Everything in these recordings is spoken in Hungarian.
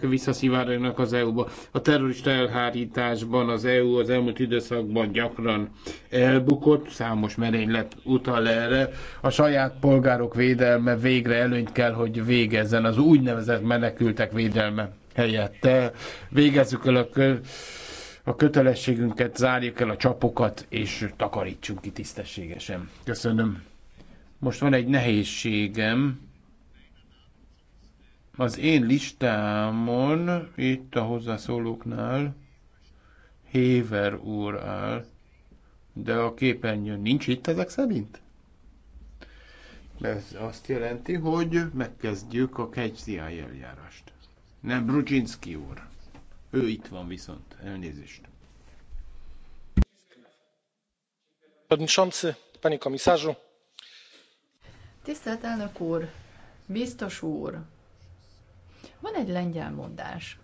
visszaszivárjanak az EU-ba. A terrorista elhárításban az EU az elmúlt időszakban gyakran elbukott, számos merénylet utal erre. A saját polgárok védelme végre előnyt kell, hogy végezzen az úgynevezett menekültek védelme helyett. Végezzük el a, kö- a kötelességünket, zárjuk el a csapokat, és takarítsunk ki tisztességesen. Köszönöm. Most van egy nehézségem az én listámon, itt a hozzászólóknál, Héver úr áll, de a képernyőn nincs itt ezek szerint? Ez azt jelenti, hogy megkezdjük a KCI eljárást. Nem, Brudzinski úr. Ő itt van viszont. Elnézést. Tisztelt elnök úr, biztos úr, van egy lengyel mondás,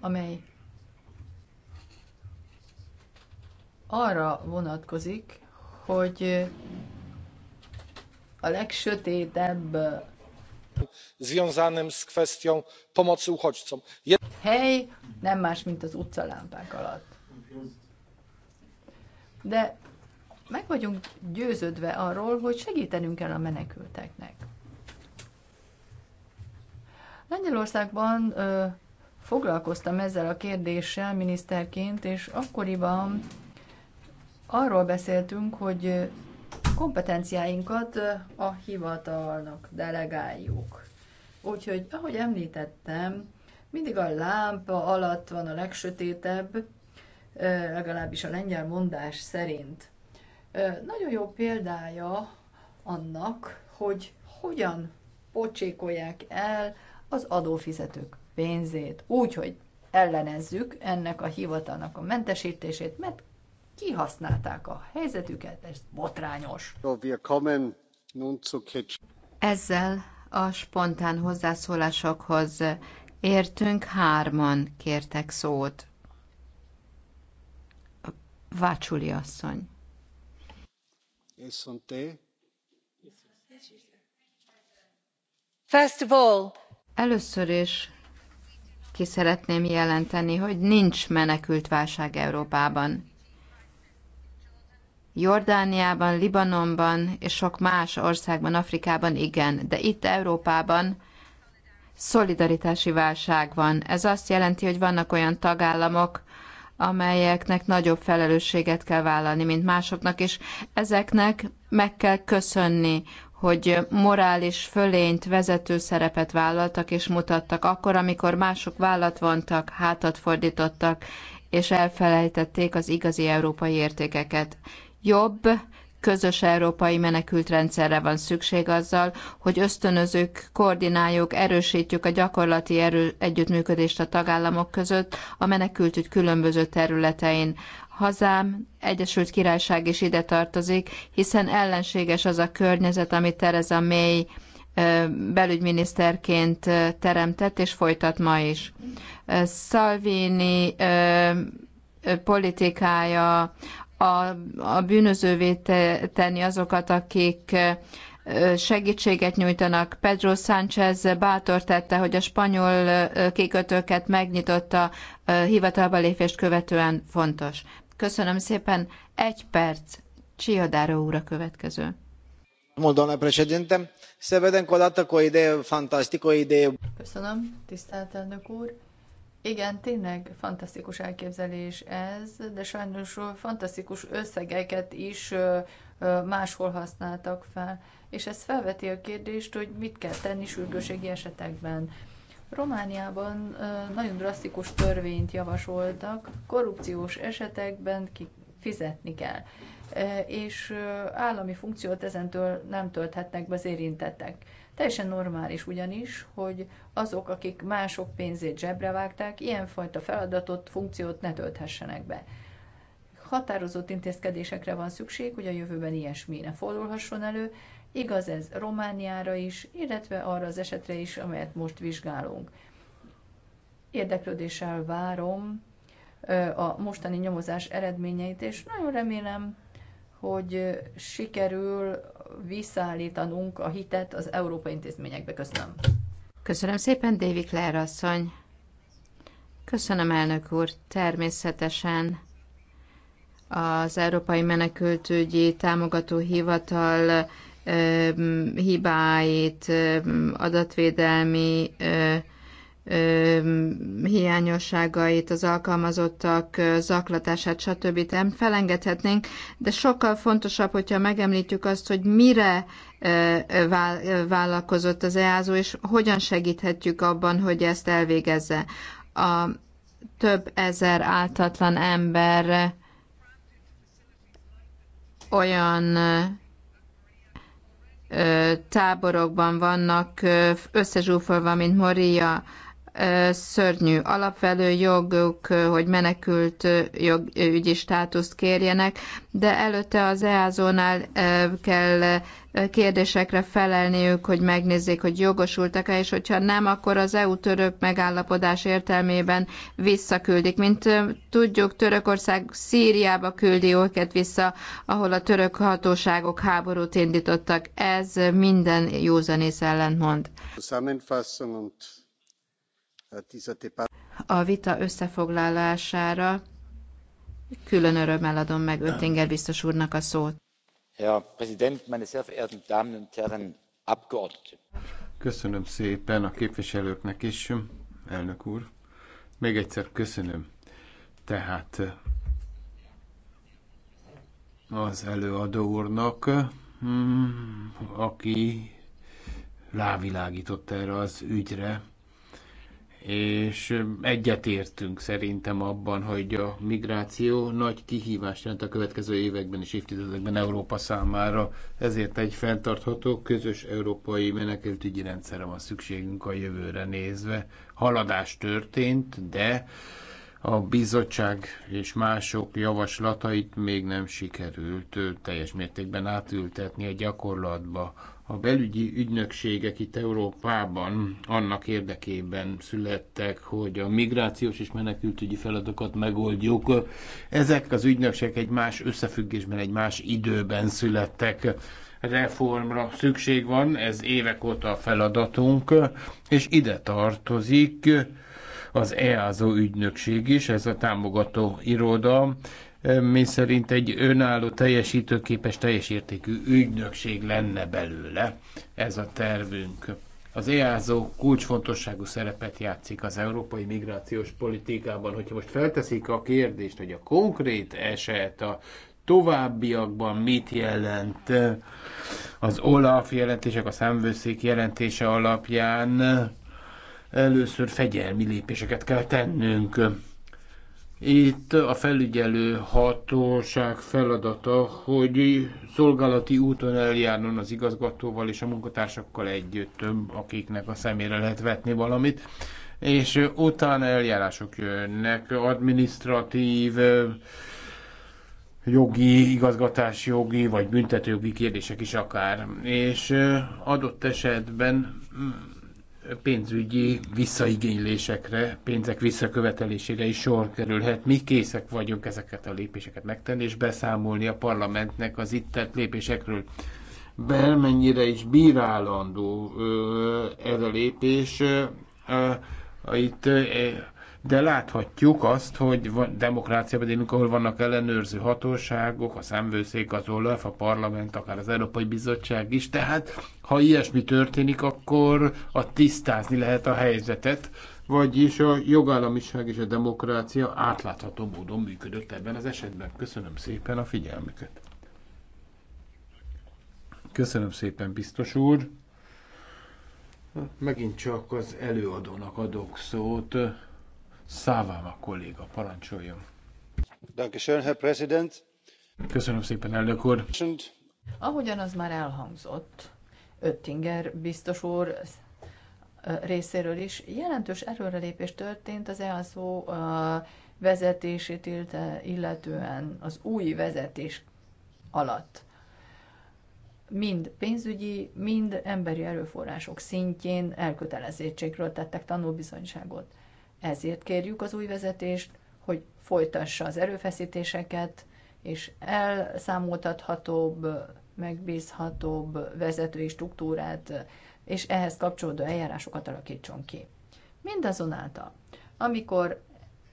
amely arra vonatkozik, hogy a legsötétebb związanym z kwestią pomocy uchodźcom. Hely nem más, mint az utcalámpák alatt. De meg vagyunk győződve arról, hogy segítenünk kell a menekülteknek. Lengyelországban ö, foglalkoztam ezzel a kérdéssel miniszterként, és akkoriban arról beszéltünk, hogy kompetenciáinkat a hivatalnak delegáljuk. Úgyhogy, ahogy említettem, mindig a lámpa alatt van a legsötétebb, legalábbis a lengyel mondás szerint. Nagyon jó példája annak, hogy hogyan pocsékolják el az adófizetők pénzét. úgyhogy ellenezzük ennek a hivatalnak a mentesítését, mert kihasználták a helyzetüket, ez botrányos. Ezzel a spontán hozzászólásokhoz értünk, hárman kértek szót. Vácsuli asszony. First of all, Először is ki szeretném jelenteni, hogy nincs menekült válság Európában. Jordániában, Libanonban és sok más országban, Afrikában igen, de itt Európában szolidaritási válság van. Ez azt jelenti, hogy vannak olyan tagállamok, amelyeknek nagyobb felelősséget kell vállalni, mint másoknak, és ezeknek meg kell köszönni, hogy morális fölényt, vezető szerepet vállaltak és mutattak akkor, amikor mások vállat vontak, hátat fordítottak, és elfelejtették az igazi európai értékeket. Jobb, közös európai menekült rendszerre van szükség azzal, hogy ösztönözők, koordináljuk, erősítjük a gyakorlati erő, együttműködést a tagállamok között a menekültügy különböző területein hazám, Egyesült Királyság is ide tartozik, hiszen ellenséges az a környezet, amit Tereza May belügyminiszterként teremtett, és folytat ma is. Salvini politikája a, a bűnözővé tenni azokat, akik segítséget nyújtanak. Pedro Sánchez bátor tette, hogy a spanyol kikötőket megnyitotta hivatalba lépést követően fontos. Köszönöm szépen. Egy perc. Csiadáró úr a következő. Doamnă președinte, se vede încă o dată cu o idee fantastică, o idee... Köszönöm, tisztelt elnök úr. Igen, tényleg fantasztikus elképzelés ez, de sajnos fantasztikus összegeket is máshol használtak fel. És ez felveti a kérdést, hogy mit kell tenni sürgőségi esetekben. Romániában nagyon drasztikus törvényt javasoltak, korrupciós esetekben fizetni kell, és állami funkciót ezentől nem tölthetnek be az érintettek. Teljesen normális ugyanis, hogy azok, akik mások pénzét zsebre vágták, ilyenfajta feladatot, funkciót ne tölthessenek be. Határozott intézkedésekre van szükség, hogy a jövőben ilyesmi ne fordulhasson elő, Igaz ez Romániára is, illetve arra az esetre is, amelyet most vizsgálunk. Érdeklődéssel várom a mostani nyomozás eredményeit, és nagyon remélem, hogy sikerül visszaállítanunk a hitet az Európai Intézményekbe. Köszönöm. Köszönöm szépen, Dévi Klár asszony. Köszönöm, elnök úr. Természetesen az Európai Menekültügyi Támogató Hivatal hibáit, adatvédelmi hiányosságait, az alkalmazottak zaklatását, stb. nem felengedhetnénk, de sokkal fontosabb, hogyha megemlítjük azt, hogy mire vállalkozott az EASO, és hogyan segíthetjük abban, hogy ezt elvégezze. A több ezer áltatlan ember olyan táborokban vannak összezsúfolva, mint Moria, szörnyű alapvető joguk, hogy menekült jogügyi státuszt kérjenek, de előtte az EASO-nál kell kérdésekre felelniük, hogy megnézzék, hogy jogosultak-e, és hogyha nem, akkor az EU-török megállapodás értelmében visszaküldik. Mint tudjuk, Törökország Szíriába küldi őket vissza, ahol a török hatóságok háborút indítottak. Ez minden józanész ellent mond. A vita összefoglalására külön örömmel adom meg Öttinger biztos úrnak a szót. Köszönöm szépen a képviselőknek is, elnök úr. Még egyszer köszönöm. Tehát eh, az előadó úrnak, hmm, aki rávilágított erre az ügyre, és egyetértünk szerintem abban, hogy a migráció nagy kihívást jelent a következő években és évtizedekben Európa számára, ezért egy fenntartható közös európai menekültügyi rendszerre van szükségünk a jövőre nézve. Haladás történt, de a bizottság és mások javaslatait még nem sikerült teljes mértékben átültetni a gyakorlatba a belügyi ügynökségek itt Európában annak érdekében születtek, hogy a migrációs és menekültügyi feladatokat megoldjuk. Ezek az ügynökségek egy más összefüggésben, egy más időben születtek. Reformra szükség van, ez évek óta a feladatunk, és ide tartozik az EASO ügynökség is, ez a támogató iroda, mi szerint egy önálló teljesítőképes teljes értékű ügynökség lenne belőle. Ez a tervünk. Az EASO kulcsfontosságú szerepet játszik az európai migrációs politikában. Hogyha most felteszik a kérdést, hogy a konkrét eset a továbbiakban mit jelent az OLAF jelentések, a számvőszék jelentése alapján, először fegyelmi lépéseket kell tennünk itt a felügyelő hatóság feladata, hogy szolgálati úton eljárnon az igazgatóval és a munkatársakkal együtt, akiknek a szemére lehet vetni valamit, és utána eljárások jönnek, administratív, jogi, igazgatás jogi, vagy büntetőjogi kérdések is akár. És adott esetben pénzügyi visszaigénylésekre, pénzek visszakövetelésére is sor kerülhet. Mi készek vagyunk ezeket a lépéseket megtenni, és beszámolni a parlamentnek az itt tett lépésekről. Belmennyire is bírálandó ez a lépés. Itt de láthatjuk azt, hogy van, demokráciában élünk, ahol vannak ellenőrző hatóságok, a szemvőszék, az OLAF, e a parlament, akár az Európai Bizottság is, tehát ha ilyesmi történik, akkor a tisztázni lehet a helyzetet, vagyis a jogállamiság és a demokrácia átlátható módon működött ebben az esetben. Köszönöm szépen a figyelmüket. Köszönöm szépen, biztos úr. Megint csak az előadónak adok szót. Szávám a kolléga, parancsoljon. Köszönöm szépen, elnök úr. Ahogyan az már elhangzott, Öttinger biztos úr részéről is jelentős erőrelépés történt az EASO vezetését illetően az új vezetés alatt. Mind pénzügyi, mind emberi erőforrások szintjén elkötelezettségről tettek tanúbizonyságot. Ezért kérjük az új vezetést, hogy folytassa az erőfeszítéseket, és elszámoltathatóbb, megbízhatóbb vezetői struktúrát és ehhez kapcsolódó eljárásokat alakítson ki. Mindazonáltal, amikor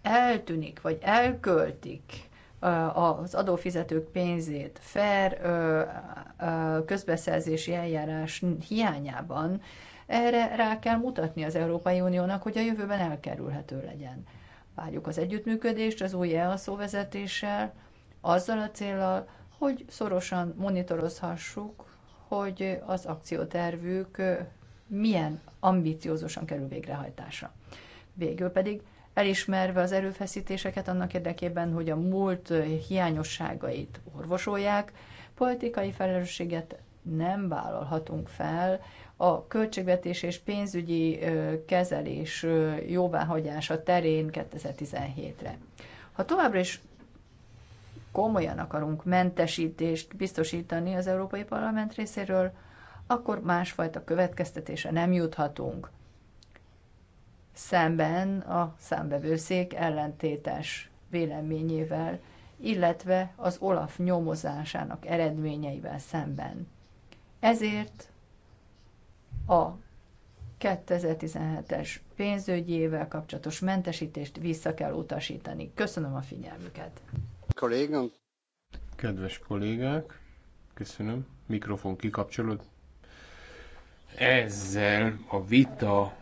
eltűnik vagy elköltik az adófizetők pénzét fair közbeszerzési eljárás hiányában, erre rá kell mutatni az Európai Uniónak, hogy a jövőben elkerülhető legyen. Várjuk az együttműködést az új ELSZO vezetéssel, azzal a célral, hogy szorosan monitorozhassuk, hogy az akciótervük milyen ambiciózusan kerül végrehajtásra. Végül pedig elismerve az erőfeszítéseket annak érdekében, hogy a múlt hiányosságait orvosolják, politikai felelősséget nem vállalhatunk fel a költségvetés és pénzügyi kezelés jóváhagyása terén 2017-re. Ha továbbra is komolyan akarunk mentesítést biztosítani az Európai Parlament részéről, akkor másfajta következtetése nem juthatunk. Szemben a számbevőszék ellentétes véleményével, illetve az Olaf nyomozásának eredményeivel szemben. Ezért a 2017-es pénzügyi évvel kapcsolatos mentesítést vissza kell utasítani. Köszönöm a figyelmüket. Kollégám. Kedves kollégák, köszönöm. Mikrofon kikapcsolód. Ezzel a vita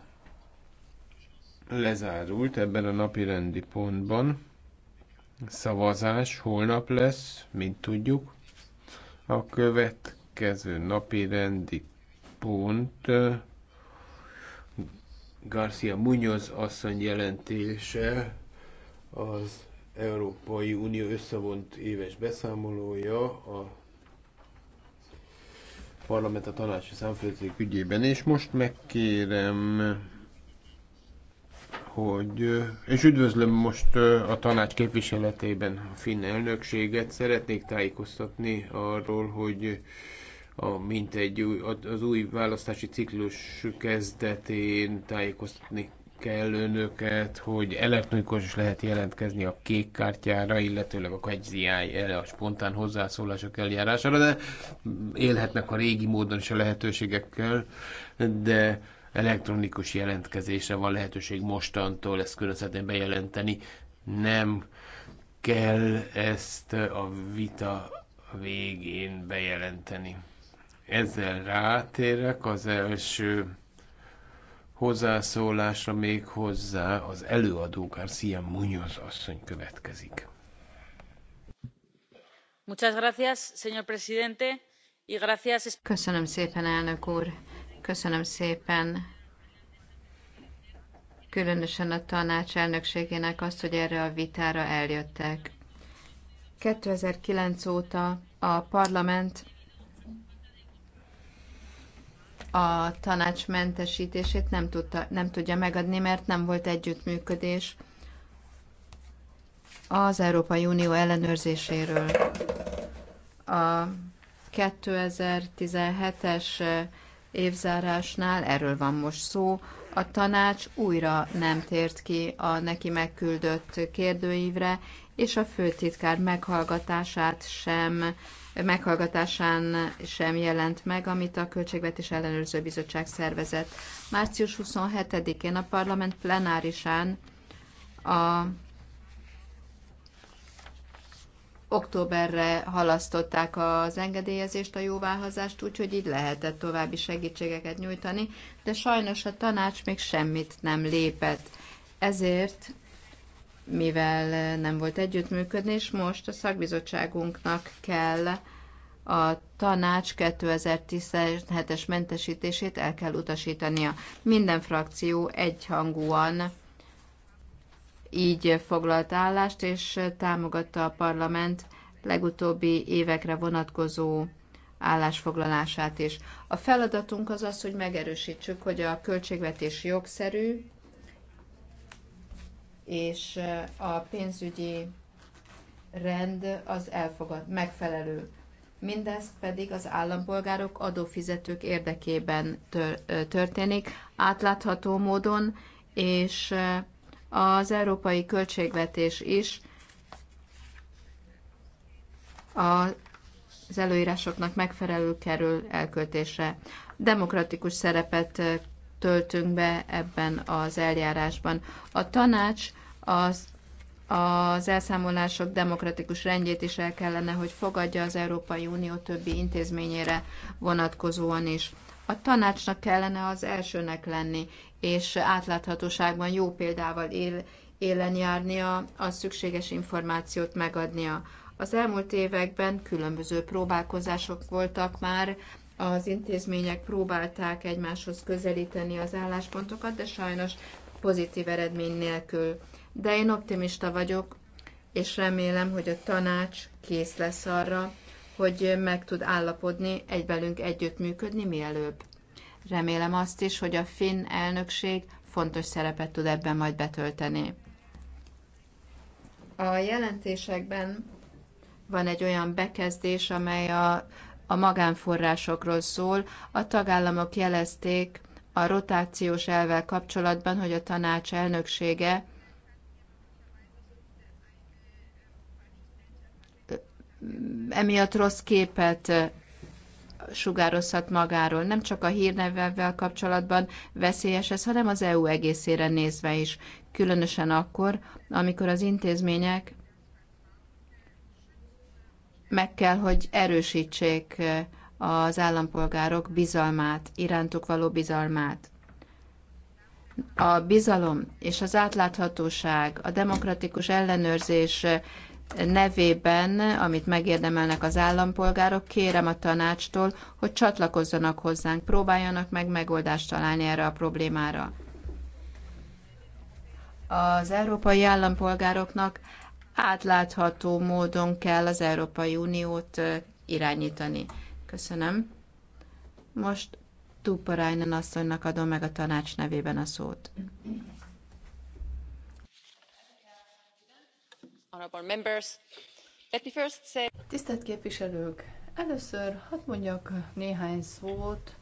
lezárult ebben a napi rendi pontban. Szavazás holnap lesz, mint tudjuk. A következő napi rendi pont Garcia Munoz asszony jelentése az Európai Unió összevont éves beszámolója a parlament a tanácsi számfőzék ügyében, és most megkérem, hogy, és üdvözlöm most a tanács képviseletében a finn elnökséget, szeretnék tájékoztatni arról, hogy a, mint egy új, az új választási ciklus kezdetén tájékoztatni kell önöket, hogy elektronikus is lehet jelentkezni a kék kártyára, illetőleg a kegyziáj erre a spontán hozzászólások eljárására, de élhetnek a régi módon is a lehetőségekkel, de elektronikus jelentkezésre van lehetőség mostantól, ezt külön szeretném bejelenteni. Nem kell ezt a vita végén bejelenteni. Ezzel rátérek az első hozzászólásra még hozzá az előadó García Muñoz asszony következik. Muchas gracias, señor presidente, y gracias... Köszönöm szépen, elnök úr. Köszönöm szépen különösen a tanács elnökségének azt, hogy erre a vitára eljöttek. 2009 óta a parlament a tanács mentesítését nem, tudta, nem tudja megadni, mert nem volt együttműködés az Európai Unió ellenőrzéséről. A 2017-es évzárásnál, erről van most szó, a tanács újra nem tért ki a neki megküldött kérdőívre, és a főtitkár meghallgatását sem, meghallgatásán sem jelent meg, amit a Költségvetés Ellenőrző Bizottság szervezett. Március 27-én a parlament plenárisán a októberre halasztották az engedélyezést, a jóváhazást, úgyhogy így lehetett további segítségeket nyújtani, de sajnos a tanács még semmit nem lépett. Ezért mivel nem volt együttműködés, most a szakbizottságunknak kell a tanács 2017-es mentesítését el kell utasítania. Minden frakció egyhangúan így foglalt állást, és támogatta a parlament legutóbbi évekre vonatkozó állásfoglalását is. A feladatunk az az, hogy megerősítsük, hogy a költségvetés jogszerű, és a pénzügyi rend az elfogad, megfelelő. Mindezt pedig az állampolgárok adófizetők érdekében történik, átlátható módon, és az európai költségvetés is az előírásoknak megfelelő kerül elköltésre. Demokratikus szerepet töltünk be ebben az eljárásban. A tanács az az elszámolások demokratikus rendjét is el kellene, hogy fogadja az Európai Unió többi intézményére vonatkozóan is. A tanácsnak kellene az elsőnek lenni, és átláthatóságban jó példával él, élen járnia, a szükséges információt megadnia. Az elmúlt években különböző próbálkozások voltak már az intézmények próbálták egymáshoz közelíteni az álláspontokat, de sajnos pozitív eredmény nélkül. De én optimista vagyok, és remélem, hogy a tanács kész lesz arra, hogy meg tud állapodni, egy velünk együttműködni mielőbb. Remélem azt is, hogy a finn elnökség fontos szerepet tud ebben majd betölteni. A jelentésekben van egy olyan bekezdés, amely a, a magánforrásokról szól. A tagállamok jelezték a rotációs elvvel kapcsolatban, hogy a tanács elnöksége emiatt rossz képet sugározhat magáról. Nem csak a hírnevvel kapcsolatban veszélyes ez, hanem az EU egészére nézve is. Különösen akkor, amikor az intézmények meg kell, hogy erősítsék eh, az állampolgárok bizalmát, irántuk való bizalmát. A bizalom és az átláthatóság, a demokratikus ellenőrzés eh, nevében, amit megérdemelnek az állampolgárok, kérem a tanácstól, hogy csatlakozzanak hozzánk, próbáljanak meg megoldást találni erre a problémára. Az európai állampolgároknak átlátható módon kell az Európai Uniót irányítani. Köszönöm. Most Tuparájnen asszonynak adom meg a tanács nevében a szót. Tisztelt képviselők! Először hadd mondjak néhány szót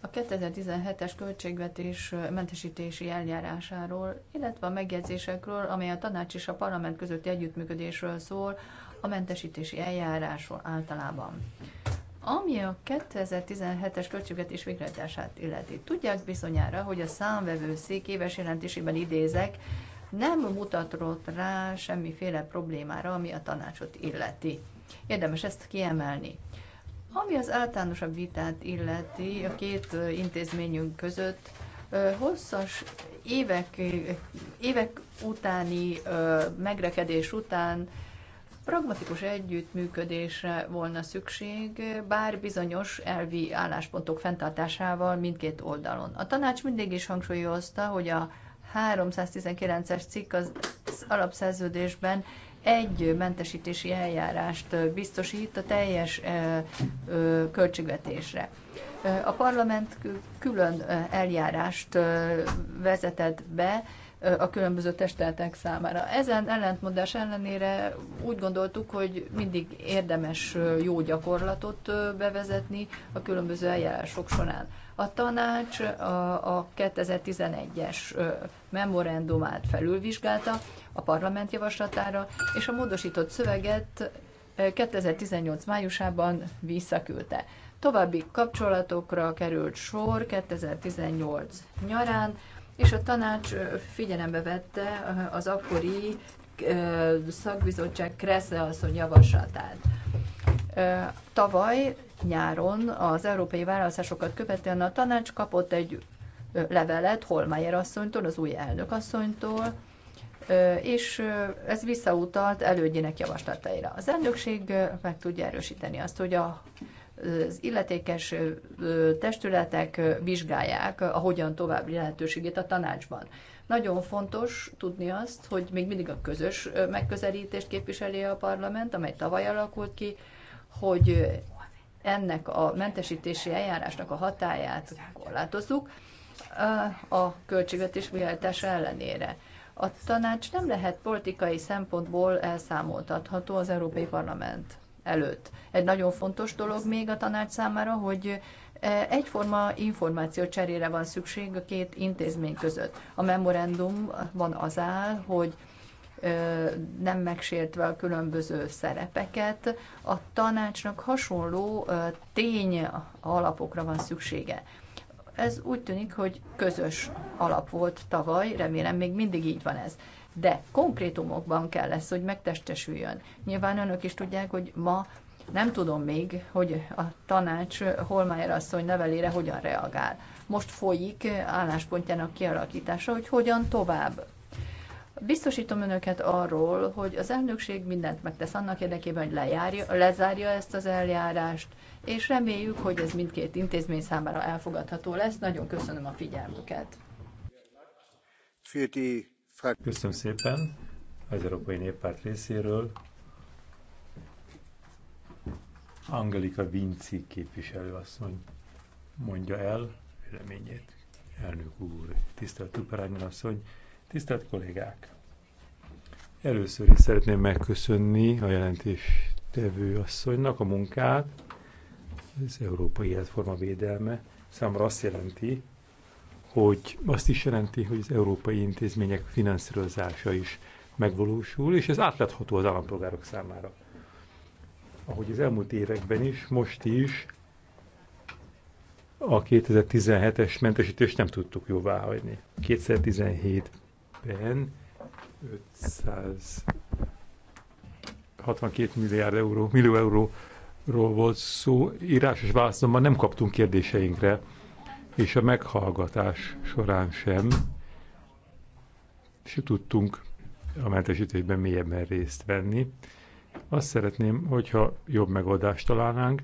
a 2017-es költségvetés mentesítési eljárásáról, illetve a megjegyzésekről, amely a tanács és a parlament közötti együttműködésről szól, a mentesítési eljárásról általában. Ami a 2017-es költségvetés végrehajtását illeti, tudják bizonyára, hogy a számvevőszék éves jelentésében idézek, nem mutatott rá semmiféle problémára, ami a tanácsot illeti. Érdemes ezt kiemelni. Ami az általánosabb vitát illeti a két intézményünk között, hosszas évek, évek utáni megrekedés után pragmatikus együttműködésre volna szükség, bár bizonyos elvi álláspontok fenntartásával mindkét oldalon. A tanács mindig is hangsúlyozta, hogy a 319-es cikk az alapszerződésben egy mentesítési eljárást biztosít a teljes költségvetésre. A parlament külön eljárást vezetett be, a különböző testeltek számára. Ezen ellentmondás ellenére úgy gondoltuk, hogy mindig érdemes jó gyakorlatot bevezetni a különböző eljárások során. A tanács a 2011-es memorandumát felülvizsgálta a parlament javaslatára, és a módosított szöveget 2018 májusában visszaküldte. További kapcsolatokra került sor 2018 nyarán, és a tanács figyelembe vette az akkori szakbizottság Kressle asszony javaslatát. Tavaly nyáron az európai választásokat követően a tanács kapott egy levelet Holmeyer asszonytól, az új elnök asszonytól, és ez visszautalt elődjének javaslataira. Az elnökség meg tudja erősíteni azt, hogy a az illetékes testületek vizsgálják a hogyan további lehetőségét a tanácsban. Nagyon fontos tudni azt, hogy még mindig a közös megközelítést képviseli a parlament, amely tavaly alakult ki, hogy ennek a mentesítési eljárásnak a hatáját korlátozzuk a költségvetés végrehajtása ellenére. A tanács nem lehet politikai szempontból elszámoltatható az Európai Parlament előtt. Egy nagyon fontos dolog még a tanács számára, hogy e, egyforma információ cserére van szükség a két intézmény között. A memorandumban az áll, hogy e, nem megsértve a különböző szerepeket, a tanácsnak hasonló e, tény alapokra van szüksége. Ez úgy tűnik, hogy közös alap volt tavaly, remélem még mindig így van ez de konkrétumokban kell lesz, hogy megtestesüljön. Nyilván önök is tudják, hogy ma nem tudom még, hogy a tanács Holmájer asszony nevelére hogyan reagál. Most folyik álláspontjának kialakítása, hogy hogyan tovább. Biztosítom önöket arról, hogy az elnökség mindent megtesz annak érdekében, hogy lejárja, lezárja ezt az eljárást, és reméljük, hogy ez mindkét intézmény számára elfogadható lesz. Nagyon köszönöm a figyelmüket. Für die Köszönöm szépen az Európai Néppárt részéről. Angelika Vinci képviselőasszony mondja el véleményét. Elnök úr, tisztelt Tuperányon asszony, tisztelt kollégák! Először is szeretném megköszönni a jelentéstevő asszonynak a munkát. Az Európai Életforma Védelme számra azt jelenti, hogy azt is jelenti, hogy az európai intézmények finanszírozása is megvalósul, és ez átlátható az állampolgárok számára. Ahogy az elmúlt években is, most is a 2017-es mentesítést nem tudtuk jóvá hagyni. 2017-ben 562 milliárd euró, millió euróról volt szó, írásos válaszomban nem kaptunk kérdéseinkre és a meghallgatás során sem, se tudtunk a mentesítésben mélyebben részt venni. Azt szeretném, hogyha jobb megoldást találnánk,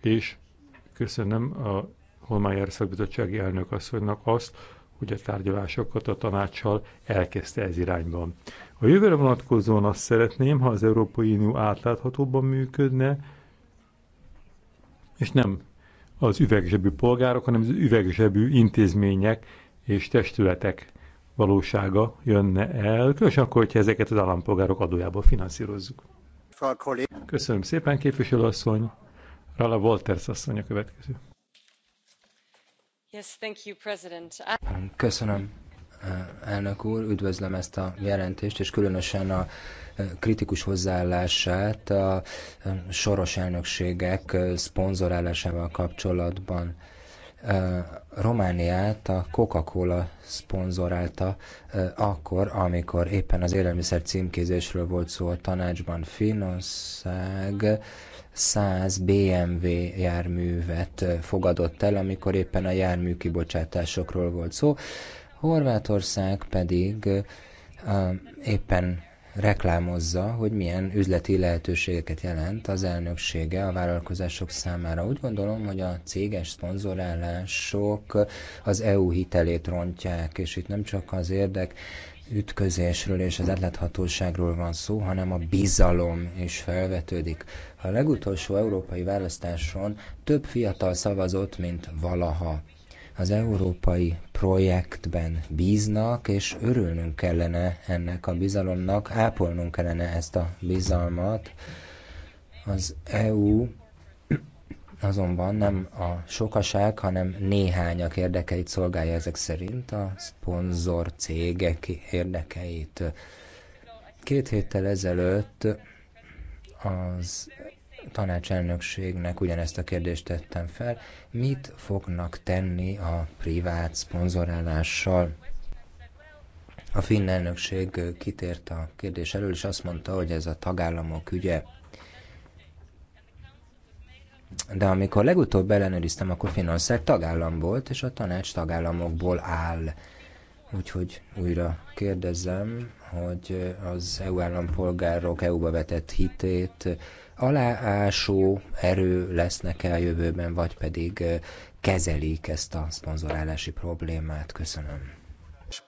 és köszönöm a Holmájer szakbizottsági elnök asszonynak azt, hogy a tárgyalásokat a tanácssal elkezdte ez irányban. A jövőre vonatkozóan azt szeretném, ha az Európai Unió átláthatóban működne, és nem az üvegzsebű polgárok, hanem az üvegzsebű intézmények és testületek valósága jönne el, különösen akkor, hogyha ezeket az állampolgárok adójából finanszírozzuk. Köszönöm szépen, képviselőasszony. Rala Walters asszony a következő. Köszönöm, elnök úr, üdvözlöm ezt a jelentést, és különösen a e, kritikus hozzáállását a e, soros elnökségek e, szponzorálásával kapcsolatban. Romániát a Coca-Cola szponzorálta akkor, amikor éppen az élelmiszer címkézésről volt szó a tanácsban. Finország 100 BMW járművet fogadott el, amikor éppen a jármű kibocsátásokról volt szó. Horvátország pedig éppen reklámozza, hogy milyen üzleti lehetőségeket jelent az elnöksége a vállalkozások számára. Úgy gondolom, hogy a céges szponzorálások az EU hitelét rontják, és itt nem csak az érdek ütközésről és az átláthatóságról van szó, hanem a bizalom is felvetődik. A legutolsó európai választáson több fiatal szavazott, mint valaha az európai projektben bíznak, és örülnünk kellene ennek a bizalomnak, ápolnunk kellene ezt a bizalmat. Az EU azonban nem a sokaság, hanem néhányak érdekeit szolgálja ezek szerint, a szponzor cégek érdekeit. Két héttel ezelőtt az tanácselnökségnek ugyanezt a kérdést tettem fel. Mit fognak tenni a privát szponzorálással? A finn elnökség kitért a kérdés elől, és azt mondta, hogy ez a tagállamok ügye. De amikor legutóbb ellenőriztem, akkor Finnország tagállam volt, és a tanács tagállamokból áll. Úgyhogy újra kérdezem, hogy az EU állampolgárok EU-ba vetett hitét aláásó erő lesznek-e a jövőben, vagy pedig kezelik ezt a szponzorálási problémát. Köszönöm.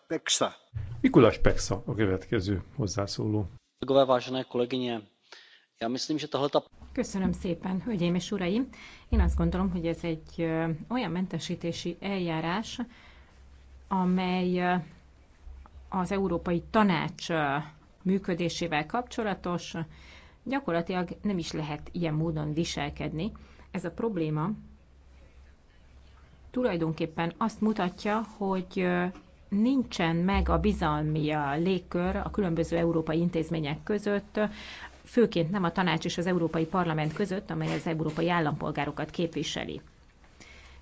Peksa. Mikulás Peksa a következő hozzászóló. Köszönöm szépen, hölgyeim és uraim! Én azt gondolom, hogy ez egy olyan mentesítési eljárás, amely az Európai Tanács működésével kapcsolatos, Gyakorlatilag nem is lehet ilyen módon viselkedni. Ez a probléma tulajdonképpen azt mutatja, hogy nincsen meg a bizalmi a légkör a különböző európai intézmények között, főként nem a tanács és az Európai Parlament között, amely az európai állampolgárokat képviseli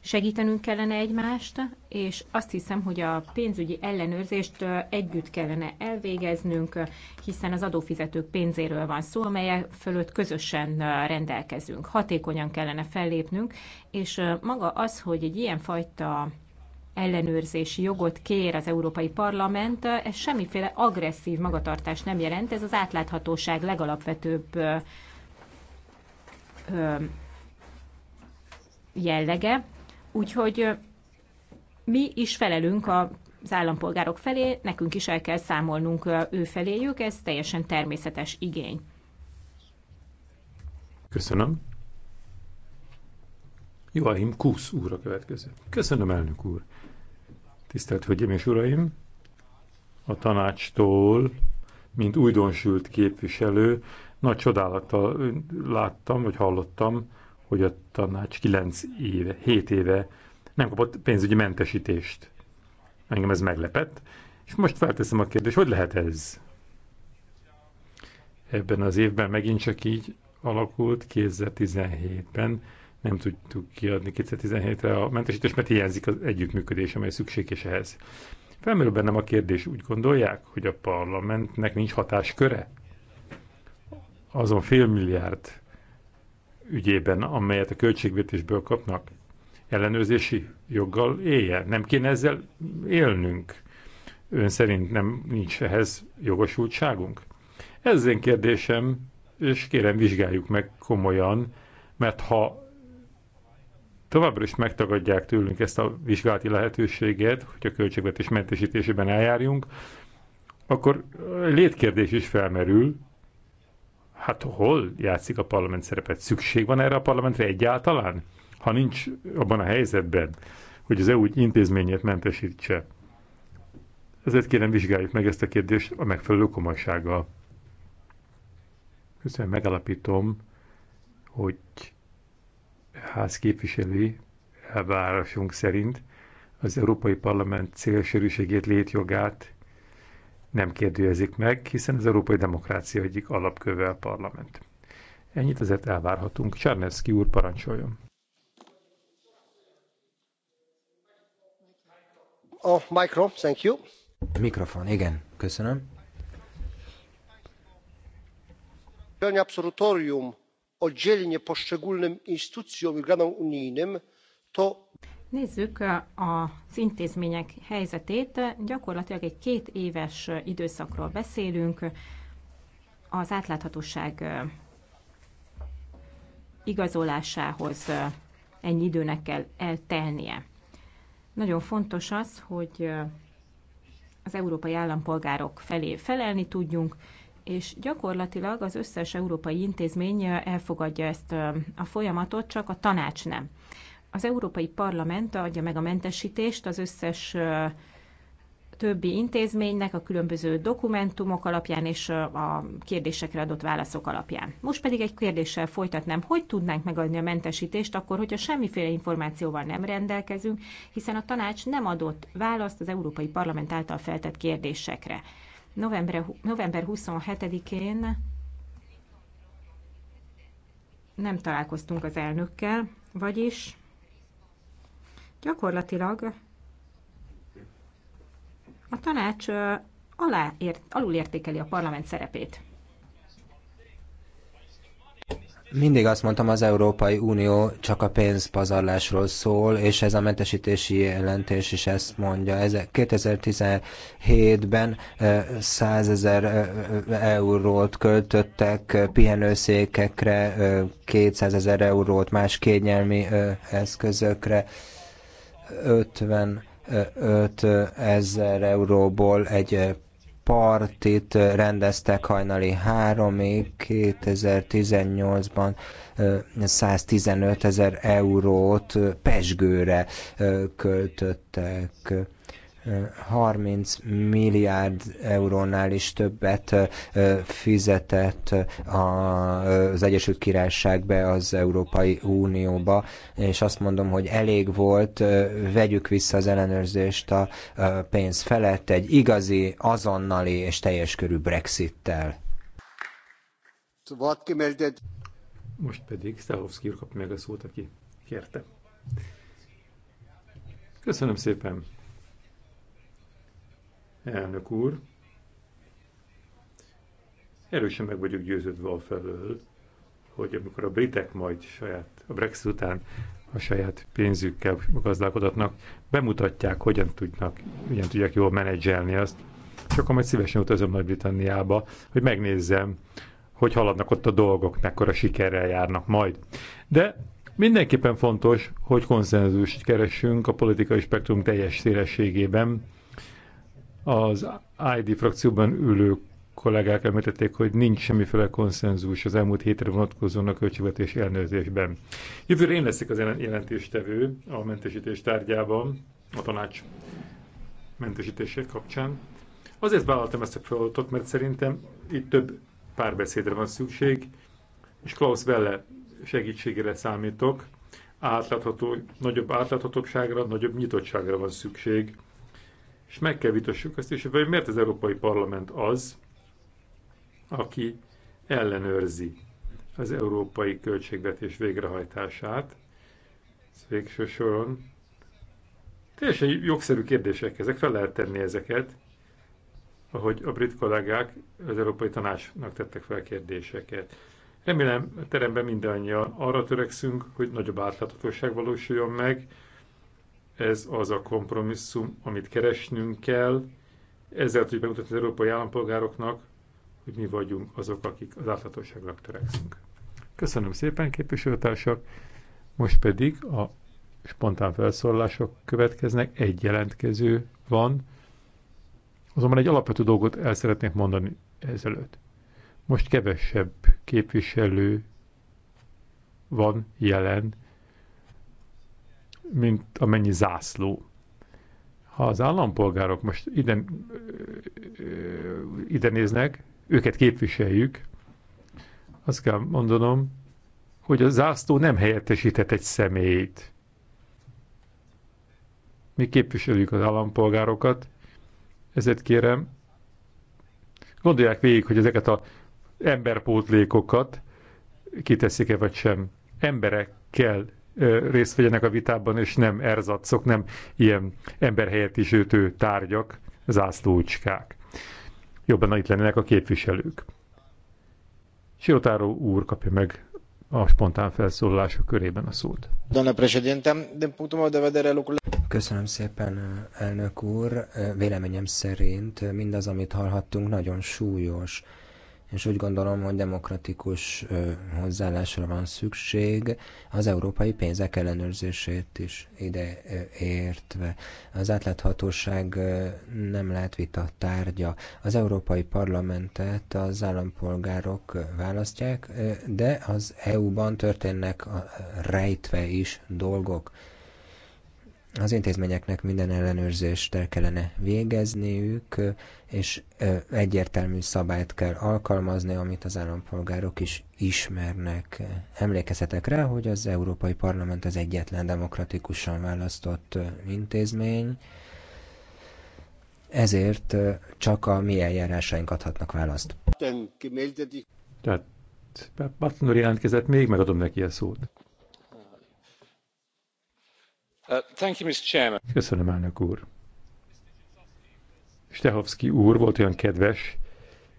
segítenünk kellene egymást, és azt hiszem, hogy a pénzügyi ellenőrzést együtt kellene elvégeznünk, hiszen az adófizetők pénzéről van szó, amelyek fölött közösen rendelkezünk. Hatékonyan kellene fellépnünk, és maga az, hogy egy ilyenfajta ellenőrzési jogot kér az Európai Parlament, ez semmiféle agresszív magatartás nem jelent, ez az átláthatóság legalapvetőbb jellege, Úgyhogy mi is felelünk a az állampolgárok felé, nekünk is el kell számolnunk ő feléjük, ez teljesen természetes igény. Köszönöm. Joachim Kusz úr a következő. Köszönöm, elnök úr. Tisztelt Hölgyeim és Uraim! A tanácstól, mint újdonsült képviselő, nagy csodálattal láttam, vagy hallottam, hogy a tanács 9 éve, 7 éve nem kapott pénzügyi mentesítést. Engem ez meglepett, és most felteszem a kérdést, hogy lehet ez? Ebben az évben megint csak így alakult, 2017-ben nem tudtuk kiadni 2017-re a mentesítést, mert hiányzik az együttműködés, amely szükséges ehhez. Felmerül bennem a kérdés, úgy gondolják, hogy a parlamentnek nincs hatásköre? Azon félmilliárd ügyében, amelyet a költségvetésből kapnak, ellenőrzési joggal élje. Nem kéne ezzel élnünk. Ön szerint nem nincs ehhez jogosultságunk? Ez én kérdésem, és kérem vizsgáljuk meg komolyan, mert ha továbbra is megtagadják tőlünk ezt a vizsgálati lehetőséget, hogy a költségvetés mentesítésében eljárjunk, akkor létkérdés is felmerül, Hát hol játszik a parlament szerepet? Szükség van erre a parlamentre egyáltalán? Ha nincs abban a helyzetben, hogy az EU intézményét mentesítse. Ezért kérem vizsgáljuk meg ezt a kérdést a megfelelő komolysággal. Köszönöm, megalapítom, hogy házképviselői elvárásunk szerint az Európai Parlament célsörűségét, létjogát nem kérdőjezik meg, hiszen az európai demokrácia egyik alapköve a parlament. Ennyit azért elvárhatunk. Csarneszki úr parancsoljon. A oh, micro, thank you. Mikrofon, igen, köszönöm. absolutorium oddzielnie poszczególnym instytucjom i organom unijnym to Nézzük az intézmények helyzetét. Gyakorlatilag egy két éves időszakról beszélünk. Az átláthatóság igazolásához ennyi időnek kell eltelnie. Nagyon fontos az, hogy az európai állampolgárok felé felelni tudjunk, és gyakorlatilag az összes európai intézmény elfogadja ezt a folyamatot, csak a tanács nem. Az Európai Parlament adja meg a mentesítést az összes többi intézménynek a különböző dokumentumok alapján és a kérdésekre adott válaszok alapján. Most pedig egy kérdéssel folytatnám, hogy tudnánk megadni a mentesítést akkor, hogyha semmiféle információval nem rendelkezünk, hiszen a tanács nem adott választ az Európai Parlament által feltett kérdésekre. November, november 27-én nem találkoztunk az elnökkel, vagyis Gyakorlatilag a tanács alá ért, alulértékeli a parlament szerepét. Mindig azt mondtam, az Európai Unió csak a pénzpazarlásról szól, és ez a mentesítési jelentés is ezt mondja. 2017-ben 100 ezer eurót költöttek pihenőszékekre, 200 ezer eurót más kényelmi eszközökre. 55 ezer euróból egy partit rendeztek hajnali 3-ig, 2018-ban 115 ezer eurót pesgőre költöttek. 30 milliárd eurónál is többet fizetett az Egyesült Királyság be az Európai Unióba, és azt mondom, hogy elég volt, vegyük vissza az ellenőrzést a pénz felett egy igazi, azonnali és teljes körű Brexittel. Most pedig Stahovszki kap meg a szót, aki kérte. Köszönöm szépen, elnök úr. Erősen meg vagyok győződve a felől, hogy amikor a britek majd saját, a Brexit után a saját pénzükkel gazdálkodatnak, bemutatják, hogyan tudnak, hogyan tudják jól menedzselni azt. És akkor majd szívesen utazom Nagy-Britanniába, hogy megnézzem, hogy haladnak ott a dolgok, mekkora sikerrel járnak majd. De mindenképpen fontos, hogy konszenzust keresünk a politikai spektrum teljes szélességében, az ID frakcióban ülő kollégák említették, hogy nincs semmiféle konszenzus az elmúlt hétre vonatkozóan a költségvetés ellenőrzésben. Jövőre én leszek az jelentéstevő a mentesítés tárgyában, a tanács mentesítését kapcsán. Azért vállaltam ezt a feladatot, mert szerintem itt több párbeszédre van szükség, és Klaus Welle segítségére számítok. Átlátható, nagyobb átláthatóságra, nagyobb nyitottságra van szükség és meg kell vitassuk azt is, hogy miért az Európai Parlament az, aki ellenőrzi az európai költségvetés végrehajtását, Ez végső soron. Teljesen jogszerű kérdések ezek, fel lehet tenni ezeket, ahogy a brit kollégák az Európai Tanácsnak tettek fel kérdéseket. Remélem a teremben mindannyian arra törekszünk, hogy nagyobb átláthatóság valósuljon meg, ez az a kompromisszum, amit keresnünk kell. Ezzel tudjuk megmutatni az európai állampolgároknak, hogy mi vagyunk azok, akik az átláthatóságra törekszünk. Köszönöm szépen, képviselőtársak! Most pedig a spontán felszólalások következnek, egy jelentkező van, azonban egy alapvető dolgot el szeretnék mondani ezelőtt. Most kevesebb képviselő van jelen, mint amennyi zászló. Ha az állampolgárok most ide, ide néznek, őket képviseljük, azt kell mondanom, hogy a zászló nem helyettesített egy személyt. Mi képviseljük az állampolgárokat, ezért kérem, gondolják végig, hogy ezeket az emberpótlékokat kiteszik-e vagy sem. Emberekkel részt vegyenek a vitában, és nem erzatszok, nem ilyen őtő tárgyak, zászlócskák. Jobban itt lennének a képviselők. Sirotáró úr kapja meg a spontán felszólalások körében a szót. Köszönöm szépen, elnök úr. Véleményem szerint mindaz, amit hallhattunk, nagyon súlyos és úgy gondolom, hogy demokratikus hozzáállásra van szükség az európai pénzek ellenőrzését is ide értve. Az átláthatóság nem lehet vita tárgya. Az európai parlamentet az állampolgárok választják, de az EU-ban történnek a rejtve is dolgok az intézményeknek minden ellenőrzést el kellene végezniük, és egyértelmű szabályt kell alkalmazni, amit az állampolgárok is ismernek. Emlékezhetek rá, hogy az Európai Parlament az egyetlen demokratikusan választott intézmény, ezért csak a mi eljárásaink adhatnak választ. Tehát Batnori jelentkezett, még megadom neki a szót. Uh, Köszönöm, elnök úr. Stehovski úr volt olyan kedves,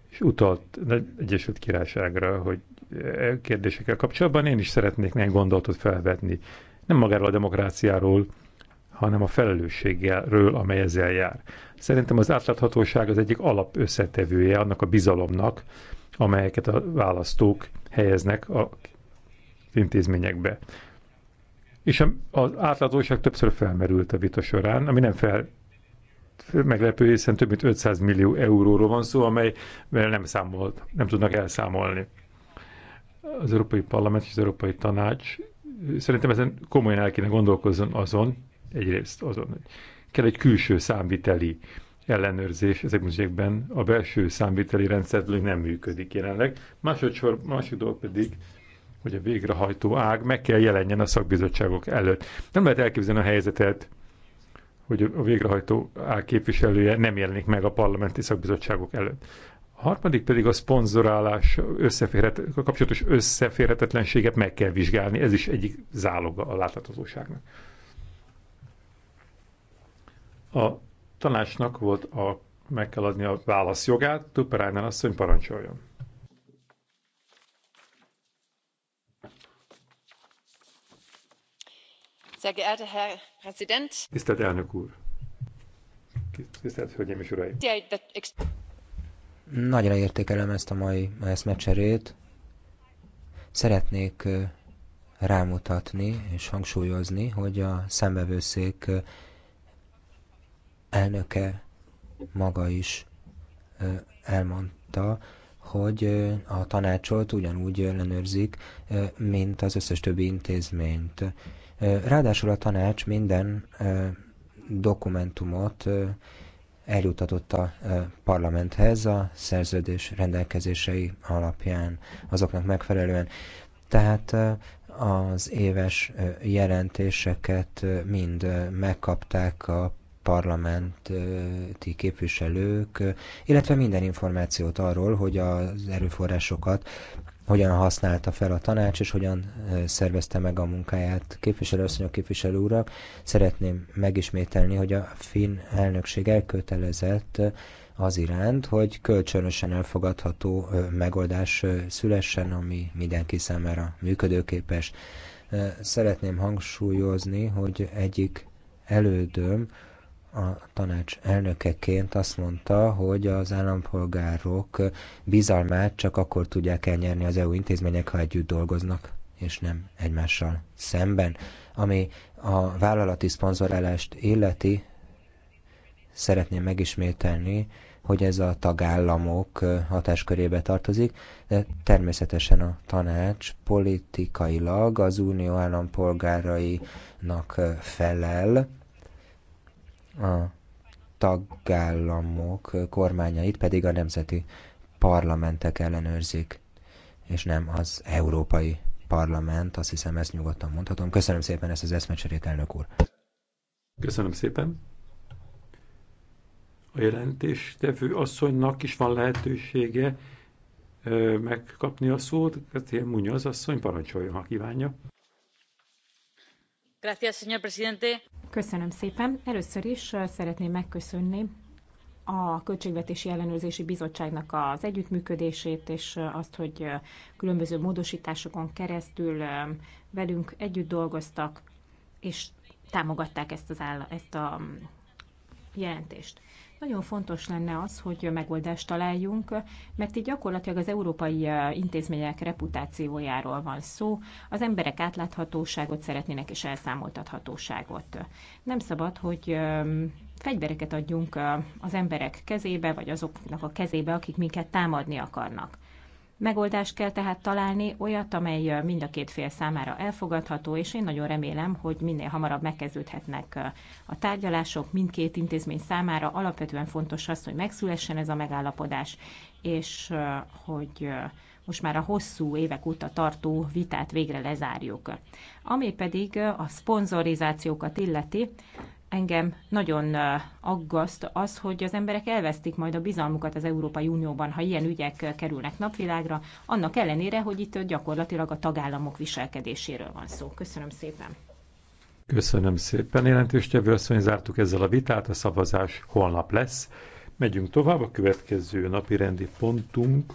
és utalt Egyesült Királyságra, hogy e kérdésekkel kapcsolatban én is szeretnék néhány gondolatot felvetni. Nem magáról a demokráciáról, hanem a felelősségről, amely ezzel jár. Szerintem az átláthatóság az egyik alap összetevője annak a bizalomnak, amelyeket a választók helyeznek a intézményekbe és az átláthatóság többször felmerült a vita során, ami nem fel meglepő, hiszen több mint 500 millió euróról van szó, amely nem számolt, nem tudnak elszámolni. Az Európai Parlament és az Európai Tanács szerintem ezen komolyan el kéne gondolkozzon azon, egyrészt azon, hogy kell egy külső számviteli ellenőrzés ezekben az a belső számviteli rendszer nem működik jelenleg. Másodszor, másik dolog pedig hogy a végrehajtó ág meg kell jelenjen a szakbizottságok előtt. Nem lehet elképzelni a helyzetet, hogy a végrehajtó ág képviselője nem jelenik meg a parlamenti szakbizottságok előtt. A harmadik pedig a szponzorálás összeférhet, a kapcsolatos összeférhetetlenséget meg kell vizsgálni. Ez is egyik záloga a láthatóságnak. A tanácsnak volt a, meg kell adni a válaszjogát, Tuperánál asszony parancsoljon. Tisztelt elnök úr! Tisztelt Hölgyeim és Uraim! Nagyra értékelem ezt a mai eszmecserét. Szeretnék rámutatni és hangsúlyozni, hogy a szembevőszék elnöke maga is elmondta, hogy a tanácsot ugyanúgy ellenőrzik, mint az összes többi intézményt. Ráadásul a tanács minden dokumentumot eljutatott a parlamenthez a szerződés rendelkezései alapján, azoknak megfelelően. Tehát az éves jelentéseket mind megkapták a parlamenti képviselők, illetve minden információt arról, hogy az erőforrásokat hogyan használta fel a tanács, és hogyan szervezte meg a munkáját. Képviselőasszonyok, képviselő urak, szeretném megismételni, hogy a finn elnökség elkötelezett az iránt, hogy kölcsönösen elfogadható megoldás szülessen, ami mindenki számára működőképes. Szeretném hangsúlyozni, hogy egyik elődöm a tanács elnökeként azt mondta, hogy az állampolgárok bizalmát csak akkor tudják elnyerni az EU intézmények, ha együtt dolgoznak, és nem egymással szemben. Ami a vállalati szponzorálást illeti, szeretném megismételni, hogy ez a tagállamok hatáskörébe tartozik, de természetesen a tanács politikailag az unió állampolgárainak felel, a tagállamok kormányait pedig a nemzeti parlamentek ellenőrzik, és nem az Európai Parlament, azt hiszem ezt nyugodtan mondhatom. Köszönöm szépen ezt az eszmecserét, elnök úr. Köszönöm szépen. A jelentéstevő asszonynak is van lehetősége megkapni a szót. Kérem, Munyaz asszony, parancsoljon, ha kívánja señor presidente. Köszönöm szépen. Először is uh, szeretném megköszönni a Költségvetési Ellenőrzési Bizottságnak az együttműködését, és uh, azt, hogy uh, különböző módosításokon keresztül um, velünk együtt dolgoztak, és támogatták ezt, az áll- ezt a um, jelentést. Nagyon fontos lenne az, hogy megoldást találjunk, mert itt gyakorlatilag az európai intézmények reputációjáról van szó. Az emberek átláthatóságot szeretnének és elszámoltathatóságot. Nem szabad, hogy fegyvereket adjunk az emberek kezébe, vagy azoknak a kezébe, akik minket támadni akarnak. Megoldást kell tehát találni, olyat, amely mind a két fél számára elfogadható, és én nagyon remélem, hogy minél hamarabb megkezdődhetnek a tárgyalások mindkét intézmény számára. Alapvetően fontos az, hogy megszülessen ez a megállapodás, és hogy most már a hosszú évek óta tartó vitát végre lezárjuk. Ami pedig a szponzorizációkat illeti, engem nagyon aggaszt az, hogy az emberek elvesztik majd a bizalmukat az Európai Unióban, ha ilyen ügyek kerülnek napvilágra, annak ellenére, hogy itt gyakorlatilag a tagállamok viselkedéséről van szó. Köszönöm szépen. Köszönöm szépen, jelentőstevő asszony, zártuk ezzel a vitát, a szavazás holnap lesz. Megyünk tovább, a következő napi rendi pontunk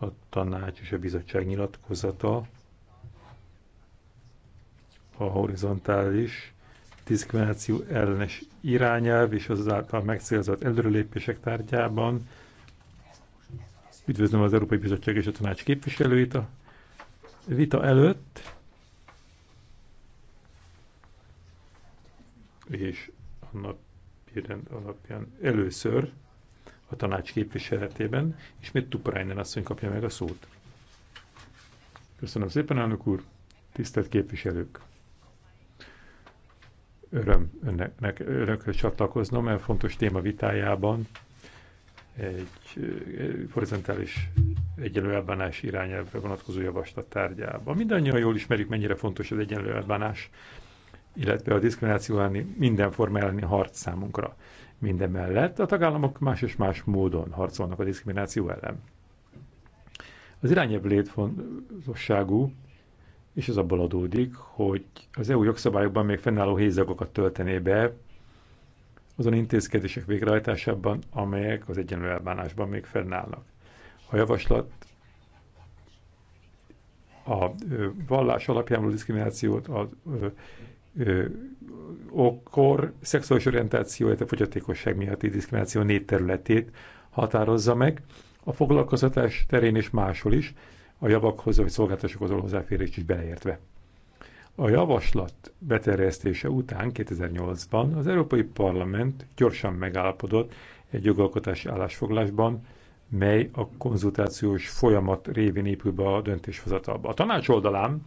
a tanács és a bizottság nyilatkozata, a horizontális diszkrimináció ellenes irányelv és az által megcélzott előrelépések tárgyában. Üdvözlöm az Európai Bizottság és a Tanács képviselőit a vita előtt. És a napirend alapján először a tanács képviseletében, ismét Tuparainen asszony kapja meg a szót. Köszönöm szépen, elnök úr, tisztelt képviselők! öröm önnek, önökhöz csatlakoznom, mert fontos téma vitájában egy horizontális egyenlő elbánás irányelvre vonatkozó javaslat tárgyában. Mindannyian jól ismerjük, mennyire fontos az egyenlő elbánás, illetve a diszkrimináció elleni minden forma elleni harc számunkra. Minden mellett a tagállamok más és más módon harcolnak a diszkrimináció ellen. Az irányelv létfontosságú, és ez abból adódik, hogy az EU jogszabályokban még fennálló hézagokat töltené be azon intézkedések végrehajtásában, amelyek az egyenlő elbánásban még fennállnak. A javaslat a vallás alapján való diszkriminációt, az okkor, szexuális orientáció, illetve fogyatékosság miatti diszkrimináció négy területét határozza meg, a foglalkoztatás terén és máshol is, a javakhoz vagy szolgáltatásokhoz való hozzáférés is beleértve. A javaslat beterjesztése után 2008-ban az Európai Parlament gyorsan megállapodott egy jogalkotási állásfoglásban, mely a konzultációs folyamat révén épül be a döntéshozatalba. A tanács oldalán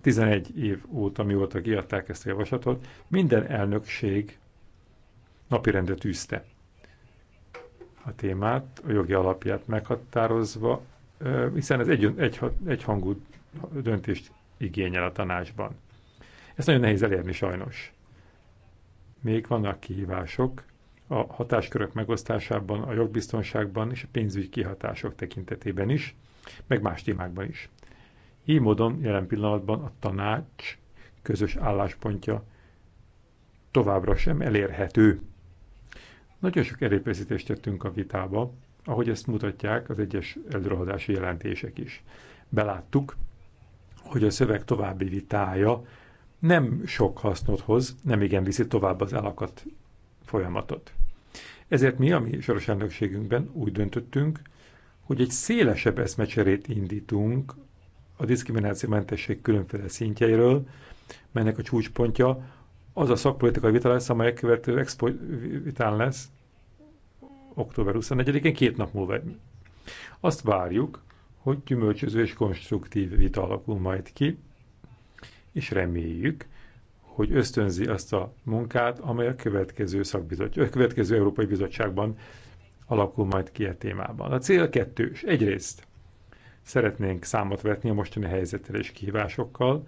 11 év óta, mióta kiadták ezt a javaslatot, minden elnökség napirendre tűzte a témát, a jogi alapját meghatározva hiszen ez egy, egy, hangú döntést igényel a tanácsban. Ezt nagyon nehéz elérni sajnos. Még vannak kihívások a hatáskörök megosztásában, a jogbiztonságban és a pénzügyi kihatások tekintetében is, meg más témákban is. Így módon jelen pillanatban a tanács közös álláspontja továbbra sem elérhető. Nagyon sok erőpészítést tettünk a vitába, ahogy ezt mutatják az egyes előadási jelentések is. Beláttuk, hogy a szöveg további vitája nem sok hasznot hoz, nem igen viszi tovább az elakadt folyamatot. Ezért mi, a mi soros elnökségünkben úgy döntöttünk, hogy egy szélesebb eszmecserét indítunk a mentesség különféle szintjeiről, melynek a csúcspontja az a szakpolitikai vita lesz, amely követő expo vitán lesz, október 24-én, két nap múlva. Azt várjuk, hogy gyümölcsöző és konstruktív vita alakul majd ki, és reméljük, hogy ösztönzi azt a munkát, amely a következő, szakbizottság, a következő Európai Bizottságban alakul majd ki a e témában. A cél kettős. Egyrészt szeretnénk számot vetni a mostani helyzettel és kihívásokkal,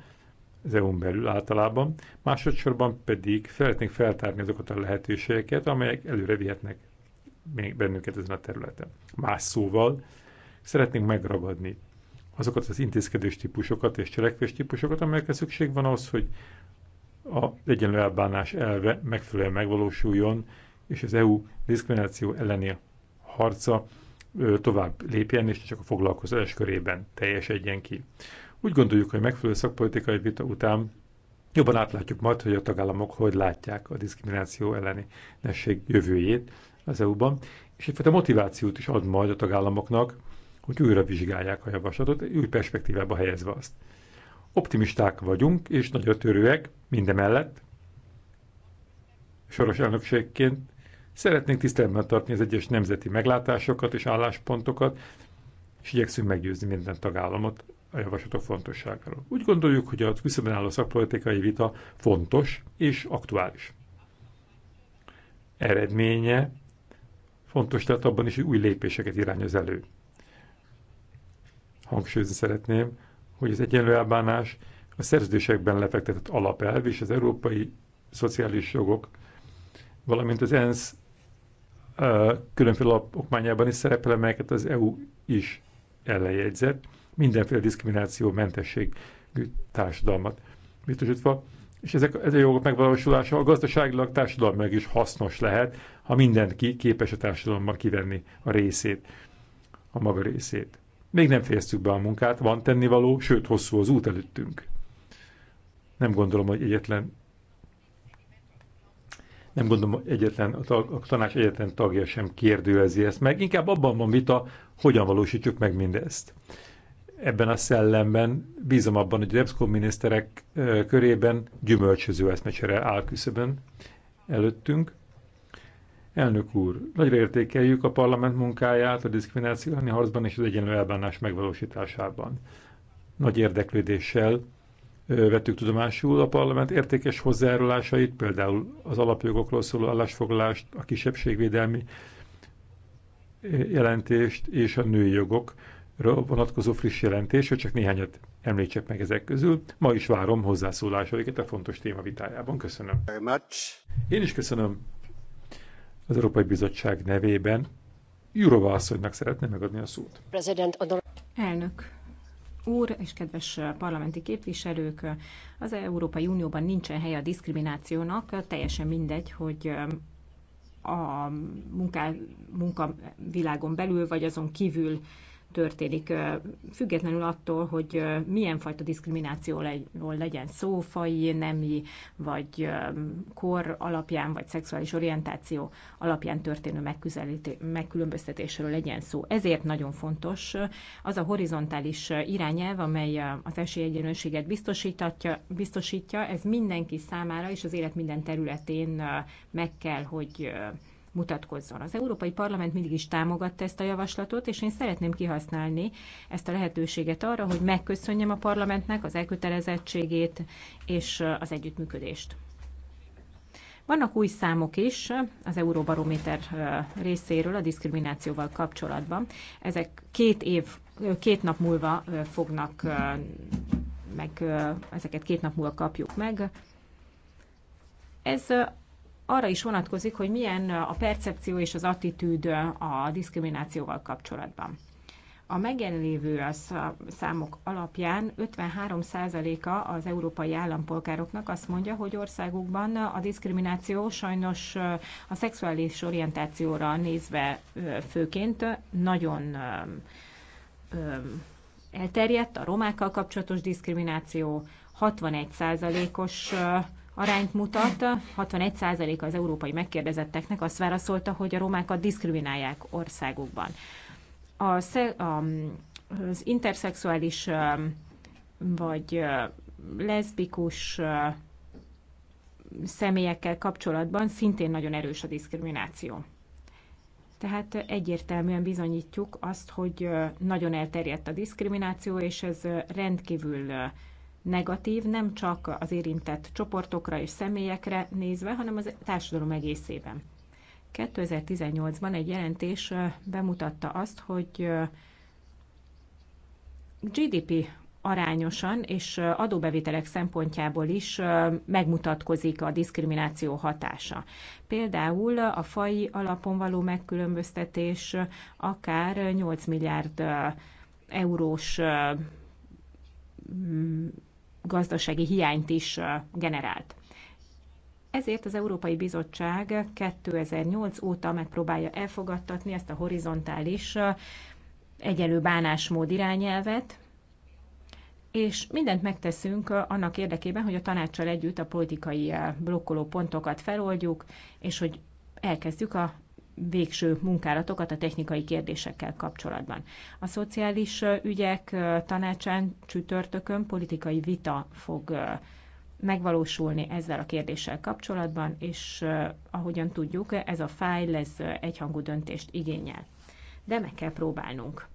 az EU-n belül általában, másodszorban pedig szeretnénk feltárni azokat a lehetőségeket, amelyek előre vihetnek bennünket ezen a területen. Más szóval szeretnénk megragadni azokat az intézkedés típusokat és cselekvés típusokat, amelyekre szükség van az, hogy a egyenlő elbánás elve megfelelően megvalósuljon, és az EU diszkrimináció elleni harca tovább lépjen, és csak a foglalkozás körében teljesedjen ki. Úgy gondoljuk, hogy megfelelő szakpolitikai vita után jobban átlátjuk majd, hogy a tagállamok hogy látják a diszkrimináció elleni nesség jövőjét, az EU-ban, és egyfajta motivációt is ad majd a tagállamoknak, hogy újra vizsgálják a javaslatot, új perspektívába helyezve azt. Optimisták vagyunk, és nagyon törőek mindemellett. Soros elnökségként szeretnénk tiszteletben tartani az egyes nemzeti meglátásokat és álláspontokat, és igyekszünk meggyőzni minden tagállamot a javaslatok fontosságáról. Úgy gondoljuk, hogy a küszöbben álló szakpolitikai vita fontos és aktuális. Eredménye Fontos tehát abban is, hogy új lépéseket irányoz elő. Hangsúlyozni szeretném, hogy az egyenlő elbánás a szerződésekben lefektetett alapelv és az európai szociális jogok, valamint az ENSZ különféle okmányában is szerepel, melyeket az EU is ellenjegyzett, mindenféle diszkrimináció mentességű társadalmat biztosítva, és ezek, ez a jogok megvalósulása a gazdaságilag, meg is hasznos lehet, ha mindenki képes a társadalomban kivenni a részét, a maga részét. Még nem fejeztük be a munkát, van tennivaló, sőt hosszú az út előttünk. Nem gondolom, hogy egyetlen nem gondolom, hogy egyetlen, a, tag, a tanács egyetlen tagja sem kérdőlezi ezt meg, inkább abban van vita, hogyan valósítjuk meg mindezt ebben a szellemben bízom abban, hogy a Debszkó miniszterek körében gyümölcsöző eszmecsere áll küszöbön előttünk. Elnök úr, nagyra értékeljük a parlament munkáját a diszkrimináció harcban és az egyenlő elbánás megvalósításában. Nagy érdeklődéssel vettük tudomásul a parlament értékes hozzájárulásait, például az alapjogokról szóló állásfoglalást, a kisebbségvédelmi jelentést és a női jogok vonatkozó friss jelentés, hogy csak néhányat említsek meg ezek közül. Ma is várom hozzászólásaikat a fontos téma vitájában. Köszönöm. Én is köszönöm az Európai Bizottság nevében. Jurova asszonynak szeretném megadni a szót. Elnök úr és kedves parlamenti képviselők, az Európai Unióban nincsen helye a diszkriminációnak, teljesen mindegy, hogy um, a munká, munkavilágon belül vagy azon kívül történik, függetlenül attól, hogy milyen fajta diszkriminációról legyen szó, fai, nemi, vagy kor alapján, vagy szexuális orientáció alapján történő megkülönböztetésről legyen szó. Ezért nagyon fontos az a horizontális irányelv, amely az esélyegyenlőséget biztosítatja, biztosítja, ez mindenki számára és az élet minden területén meg kell, hogy mutatkozzon. Az Európai Parlament mindig is támogatta ezt a javaslatot, és én szeretném kihasználni ezt a lehetőséget arra, hogy megköszönjem a parlamentnek az elkötelezettségét és az együttműködést. Vannak új számok is az Euróbarométer részéről a diszkriminációval kapcsolatban. Ezek két év, két nap múlva fognak meg, ezeket két nap múlva kapjuk meg. Ez arra is vonatkozik, hogy milyen a percepció és az attitűd a diszkriminációval kapcsolatban. A megjelenlévő számok alapján 53%-a az európai állampolgároknak azt mondja, hogy országukban a diszkrimináció sajnos a szexuális orientációra nézve főként nagyon elterjedt. A romákkal kapcsolatos diszkrimináció 61%-os arányt mutat. 61% az európai megkérdezetteknek azt válaszolta, hogy a romákat diszkriminálják országukban. A, az interszexuális vagy leszbikus személyekkel kapcsolatban szintén nagyon erős a diszkrimináció. Tehát egyértelműen bizonyítjuk azt, hogy nagyon elterjedt a diszkrimináció, és ez rendkívül negatív nem csak az érintett csoportokra és személyekre nézve, hanem az társadalom egészében. 2018-ban egy jelentés bemutatta azt, hogy GDP arányosan és adóbevételek szempontjából is megmutatkozik a diszkrimináció hatása. Például a fai alapon való megkülönböztetés akár 8 milliárd eurós gazdasági hiányt is generált. Ezért az Európai Bizottság 2008 óta megpróbálja elfogadtatni ezt a horizontális egyelő bánásmód irányelvet, és mindent megteszünk annak érdekében, hogy a tanácssal együtt a politikai blokkoló pontokat feloldjuk, és hogy elkezdjük a végső munkálatokat a technikai kérdésekkel kapcsolatban. A szociális ügyek tanácsán csütörtökön politikai vita fog megvalósulni ezzel a kérdéssel kapcsolatban, és ahogyan tudjuk, ez a fájl ez egyhangú döntést igényel. De meg kell próbálnunk.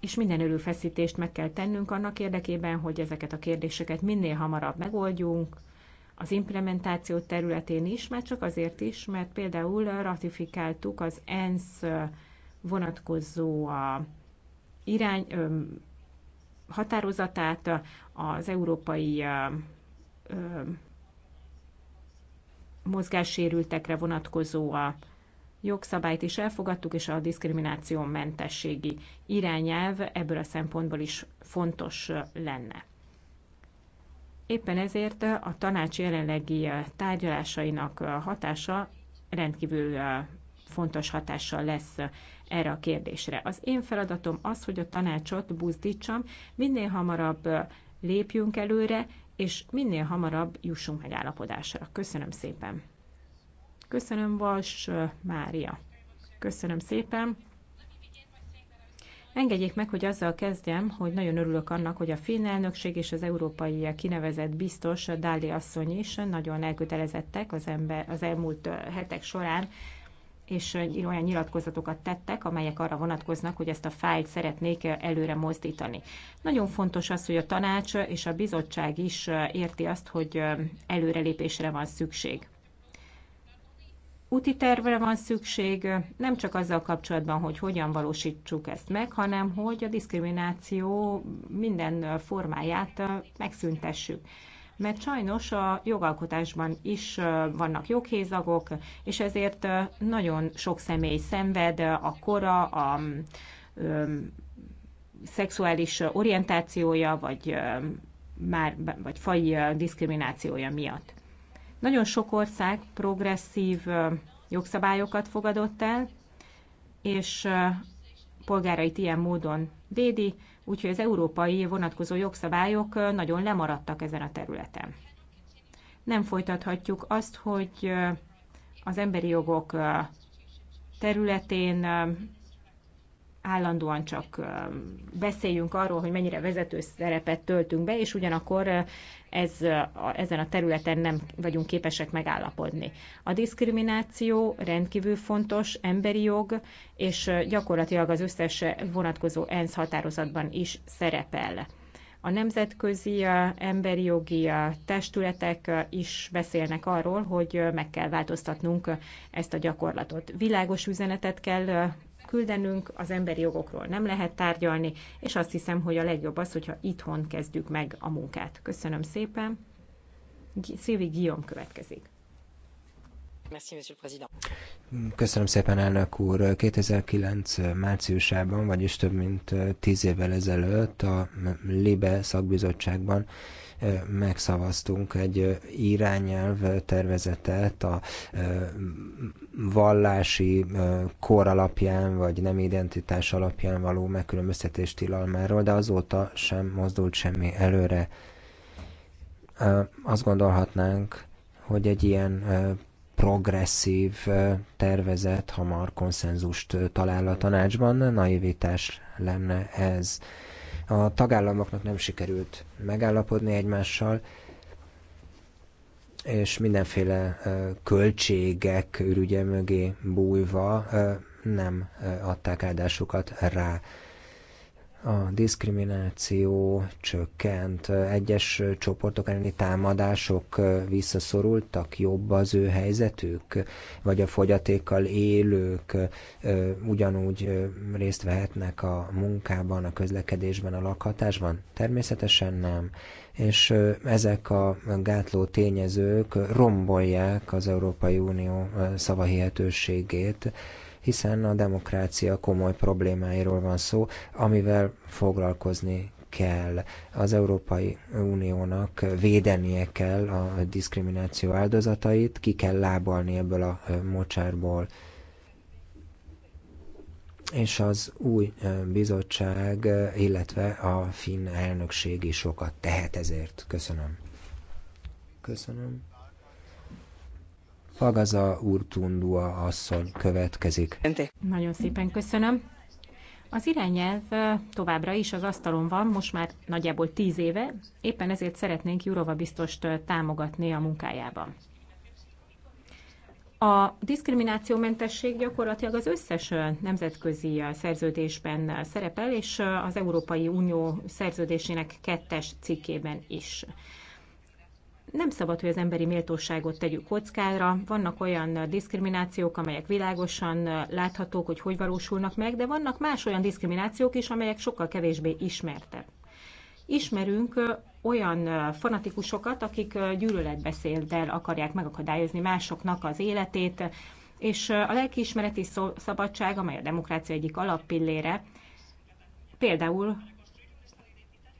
És minden előfeszítést meg kell tennünk annak érdekében, hogy ezeket a kérdéseket minél hamarabb megoldjunk, az implementáció területén is, már csak azért is, mert például ratifikáltuk az ENSZ vonatkozó irány, határozatát az európai mozgássérültekre vonatkozó a jogszabályt is elfogadtuk, és a diszkrimináció mentességi irányelv ebből a szempontból is fontos lenne. Éppen ezért a tanács jelenlegi tárgyalásainak hatása rendkívül fontos hatással lesz erre a kérdésre. Az én feladatom az, hogy a tanácsot buzdítsam, minél hamarabb lépjünk előre, és minél hamarabb jussunk megállapodásra. Köszönöm szépen. Köszönöm, Vas Mária. Köszönöm szépen. Engedjék meg, hogy azzal kezdjem, hogy nagyon örülök annak, hogy a finn elnökség és az európai kinevezett biztos Dáli asszony is nagyon elkötelezettek az, ember, az elmúlt hetek során, és olyan nyilatkozatokat tettek, amelyek arra vonatkoznak, hogy ezt a fájlt szeretnék előre mozdítani. Nagyon fontos az, hogy a tanács és a bizottság is érti azt, hogy előrelépésre van szükség úti tervre van szükség, nem csak azzal kapcsolatban, hogy hogyan valósítsuk ezt meg, hanem hogy a diszkrimináció minden formáját megszüntessük. Mert sajnos a jogalkotásban is vannak joghézagok, és ezért nagyon sok személy szenved a kora, a szexuális orientációja, vagy már vagy faji diszkriminációja miatt. Nagyon sok ország progresszív jogszabályokat fogadott el, és polgárait ilyen módon védi, úgyhogy az európai vonatkozó jogszabályok nagyon lemaradtak ezen a területen. Nem folytathatjuk azt, hogy az emberi jogok területén állandóan csak beszéljünk arról, hogy mennyire vezető szerepet töltünk be, és ugyanakkor ez, a, ezen a területen nem vagyunk képesek megállapodni. A diszkrimináció rendkívül fontos emberi jog, és gyakorlatilag az összes vonatkozó ENSZ határozatban is szerepel. A nemzetközi emberi jogi testületek is beszélnek arról, hogy meg kell változtatnunk ezt a gyakorlatot. Világos üzenetet kell küldenünk, az emberi jogokról nem lehet tárgyalni, és azt hiszem, hogy a legjobb az, hogyha itthon kezdjük meg a munkát. Köszönöm szépen. Szilvi Guillaume következik. Köszönöm szépen, elnök úr. 2009 márciusában, vagyis több mint tíz évvel ezelőtt a LIBE szakbizottságban megszavaztunk egy irányelv tervezetet a vallási kor alapján, vagy nem identitás alapján való megkülönböztetés tilalmáról, de azóta sem mozdult semmi előre. Azt gondolhatnánk, hogy egy ilyen progresszív tervezet hamar konszenzust talál a tanácsban, naivitás lenne ez a tagállamoknak nem sikerült megállapodni egymással, és mindenféle költségek ürügye mögé bújva nem adták áldásukat rá a diszkrimináció csökkent, egyes csoportok elleni támadások visszaszorultak, jobb az ő helyzetük, vagy a fogyatékkal élők ugyanúgy részt vehetnek a munkában, a közlekedésben, a lakhatásban? Természetesen nem. És ezek a gátló tényezők rombolják az Európai Unió szavahihetőségét, hiszen a demokrácia komoly problémáiról van szó, amivel foglalkozni kell. Az Európai Uniónak védenie kell a diszkrimináció áldozatait, ki kell lábalni ebből a mocsárból. És az új bizottság, illetve a finn elnökség is sokat tehet ezért. Köszönöm. Köszönöm. Fagaza Urtundua asszony következik. Nagyon szépen köszönöm. Az irányelv továbbra is az asztalon van, most már nagyjából tíz éve, éppen ezért szeretnénk Jurova biztost támogatni a munkájában. A diszkriminációmentesség gyakorlatilag az összes nemzetközi szerződésben szerepel, és az Európai Unió szerződésének kettes cikkében is. Nem szabad, hogy az emberi méltóságot tegyük kockára. Vannak olyan diszkriminációk, amelyek világosan láthatók, hogy hogy valósulnak meg, de vannak más olyan diszkriminációk is, amelyek sokkal kevésbé ismertek. Ismerünk olyan fanatikusokat, akik gyűlöletbeszéddel akarják megakadályozni másoknak az életét, és a lelkiismereti szabadság, amely a demokrácia egyik alappillére, például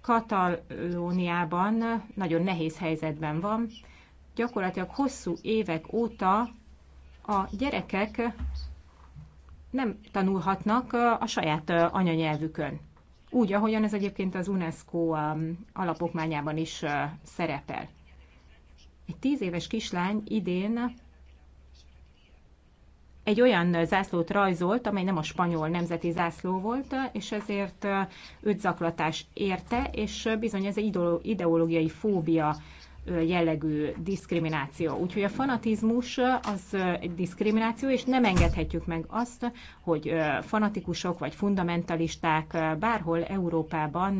Katalóniában nagyon nehéz helyzetben van. Gyakorlatilag hosszú évek óta a gyerekek nem tanulhatnak a saját anyanyelvükön. Úgy, ahogyan ez egyébként az UNESCO alapokmányában is szerepel. Egy tíz éves kislány idén egy olyan zászlót rajzolt, amely nem a spanyol nemzeti zászló volt, és ezért őt zaklatás érte, és bizony ez egy ideológiai fóbia jellegű diszkrimináció. Úgyhogy a fanatizmus az egy diszkrimináció, és nem engedhetjük meg azt, hogy fanatikusok vagy fundamentalisták bárhol Európában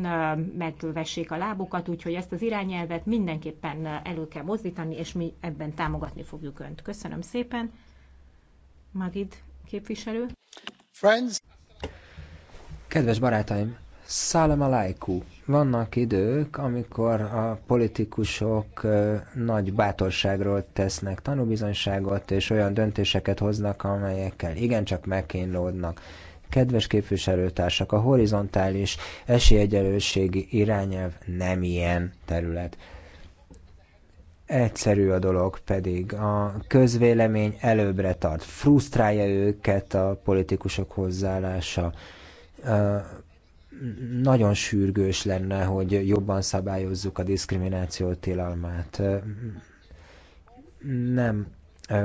megvessék a lábukat, úgyhogy ezt az irányelvet mindenképpen elő kell mozdítani, és mi ebben támogatni fogjuk Önt. Köszönöm szépen! képviselő. Friends. Kedves barátaim, Szállam alaikum. Vannak idők, amikor a politikusok nagy bátorságról tesznek tanúbizonyságot, és olyan döntéseket hoznak, amelyekkel igencsak megkénlódnak. Kedves képviselőtársak, a horizontális esélyegyelőségi irányelv nem ilyen terület egyszerű a dolog pedig. A közvélemény előbbre tart, frusztrálja őket a politikusok hozzáállása. Nagyon sürgős lenne, hogy jobban szabályozzuk a diszkrimináció tilalmát. Nem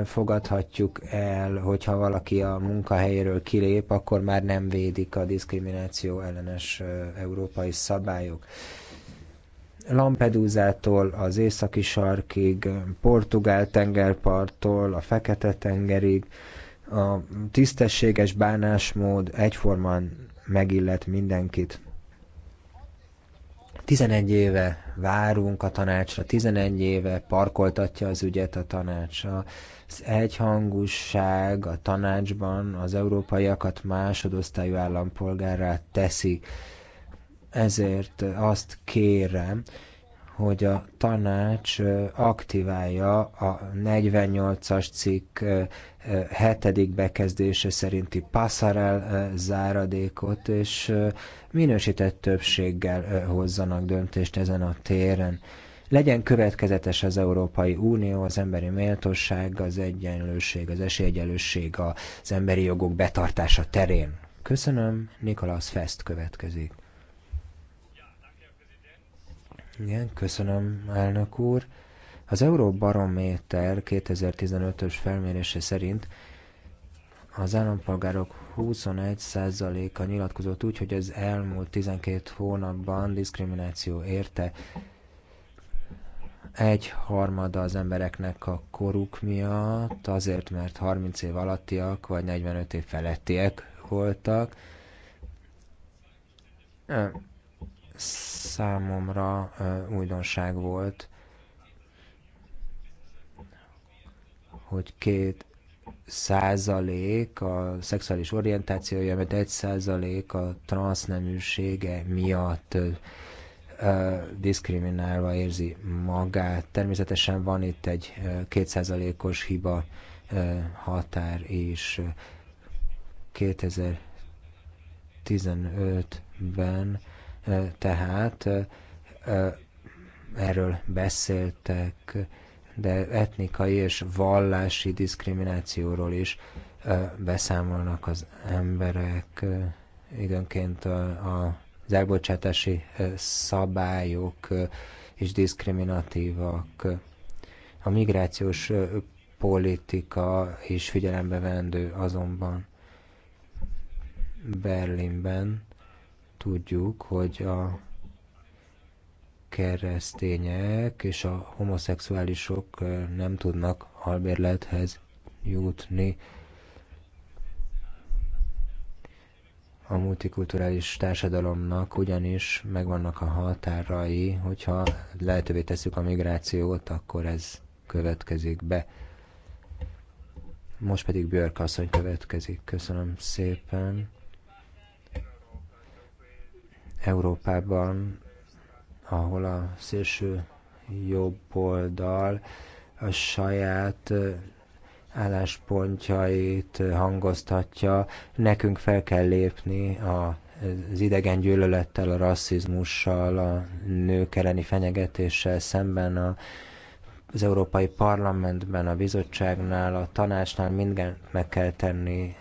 fogadhatjuk el, hogyha valaki a munkahelyéről kilép, akkor már nem védik a diszkrimináció ellenes európai szabályok. Lampedusától az északi sarkig, Portugál tengerparttól a Fekete-tengerig, a tisztességes bánásmód egyformán megillet mindenkit. 11 éve várunk a tanácsra, 11 éve parkoltatja az ügyet a tanács. Az egyhangúság a tanácsban az európaiakat másodosztályú állampolgárrá teszi. Ezért azt kérem, hogy a tanács aktiválja a 48-as cikk 7. bekezdése szerinti passarel záradékot, és minősített többséggel hozzanak döntést ezen a téren. Legyen következetes az Európai Unió, az emberi méltóság, az egyenlőség, az esélyegyenlőség, az emberi jogok betartása terén. Köszönöm, Nikolaus Fest következik. Igen, köszönöm, elnök úr. Az Euróbarométer 2015-ös felmérése szerint az állampolgárok 21%-a nyilatkozott úgy, hogy az elmúlt 12 hónapban diszkrimináció érte. Egy harmada az embereknek a koruk miatt, azért, mert 30 év alattiak vagy 45 év felettiek voltak számomra újdonság volt, hogy két százalék a szexuális orientációja, mert egy százalék a transzneműsége miatt diszkriminálva érzi magát. Természetesen van itt egy kétszázalékos hiba határ, és 2015-ben tehát erről beszéltek, de etnikai és vallási diszkriminációról is beszámolnak az emberek, időnként a, az elbocsátási szabályok is diszkriminatívak. A migrációs politika is figyelembe vendő azonban Berlinben Tudjuk, hogy a keresztények és a homoszexuálisok nem tudnak albérlethez jutni. A multikulturális társadalomnak ugyanis megvannak a határai, hogyha lehetővé tesszük a migrációt, akkor ez következik be. Most pedig Björk asszony következik. Köszönöm szépen. Európában, ahol a szélső jobb oldal a saját álláspontjait hangoztatja, nekünk fel kell lépni a az idegen gyűlölettel, a rasszizmussal, a nők elleni fenyegetéssel szemben a, az Európai Parlamentben, a bizottságnál, a tanácsnál mindent meg kell tenni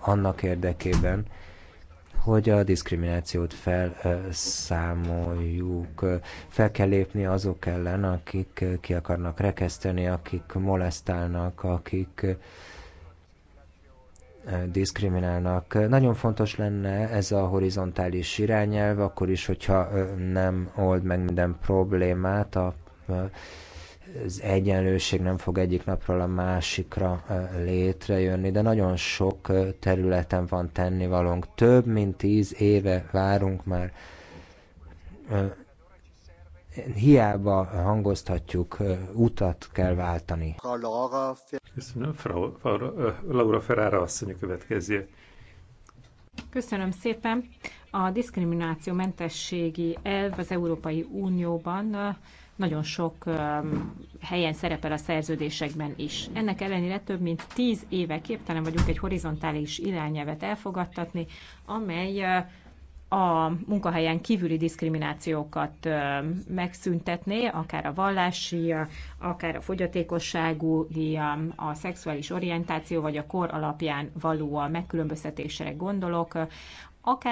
annak érdekében, hogy a diszkriminációt felszámoljuk. Fel kell lépni azok ellen, akik ki akarnak rekeszteni, akik molesztálnak, akik eh, diszkriminálnak. Nagyon fontos lenne ez a horizontális irányelv, akkor is, hogyha eh, nem old meg minden problémát a eh, az egyenlőség nem fog egyik napról a másikra létrejönni, de nagyon sok területen van tennivalónk. Több mint tíz éve várunk már. Hiába hangoztatjuk, utat kell váltani. Köszönöm, Frau, Laura Ferrara asszony következő. Köszönöm szépen. A diszkriminációmentességi mentességi elv az Európai Unióban nagyon sok helyen szerepel a szerződésekben is. Ennek ellenére több mint tíz éve képtelen vagyunk egy horizontális irányelvet elfogadtatni, amely a munkahelyen kívüli diszkriminációkat megszüntetné, akár a vallási, akár a fogyatékosságú, a szexuális orientáció, vagy a kor alapján való a megkülönböztetésre gondolok, akár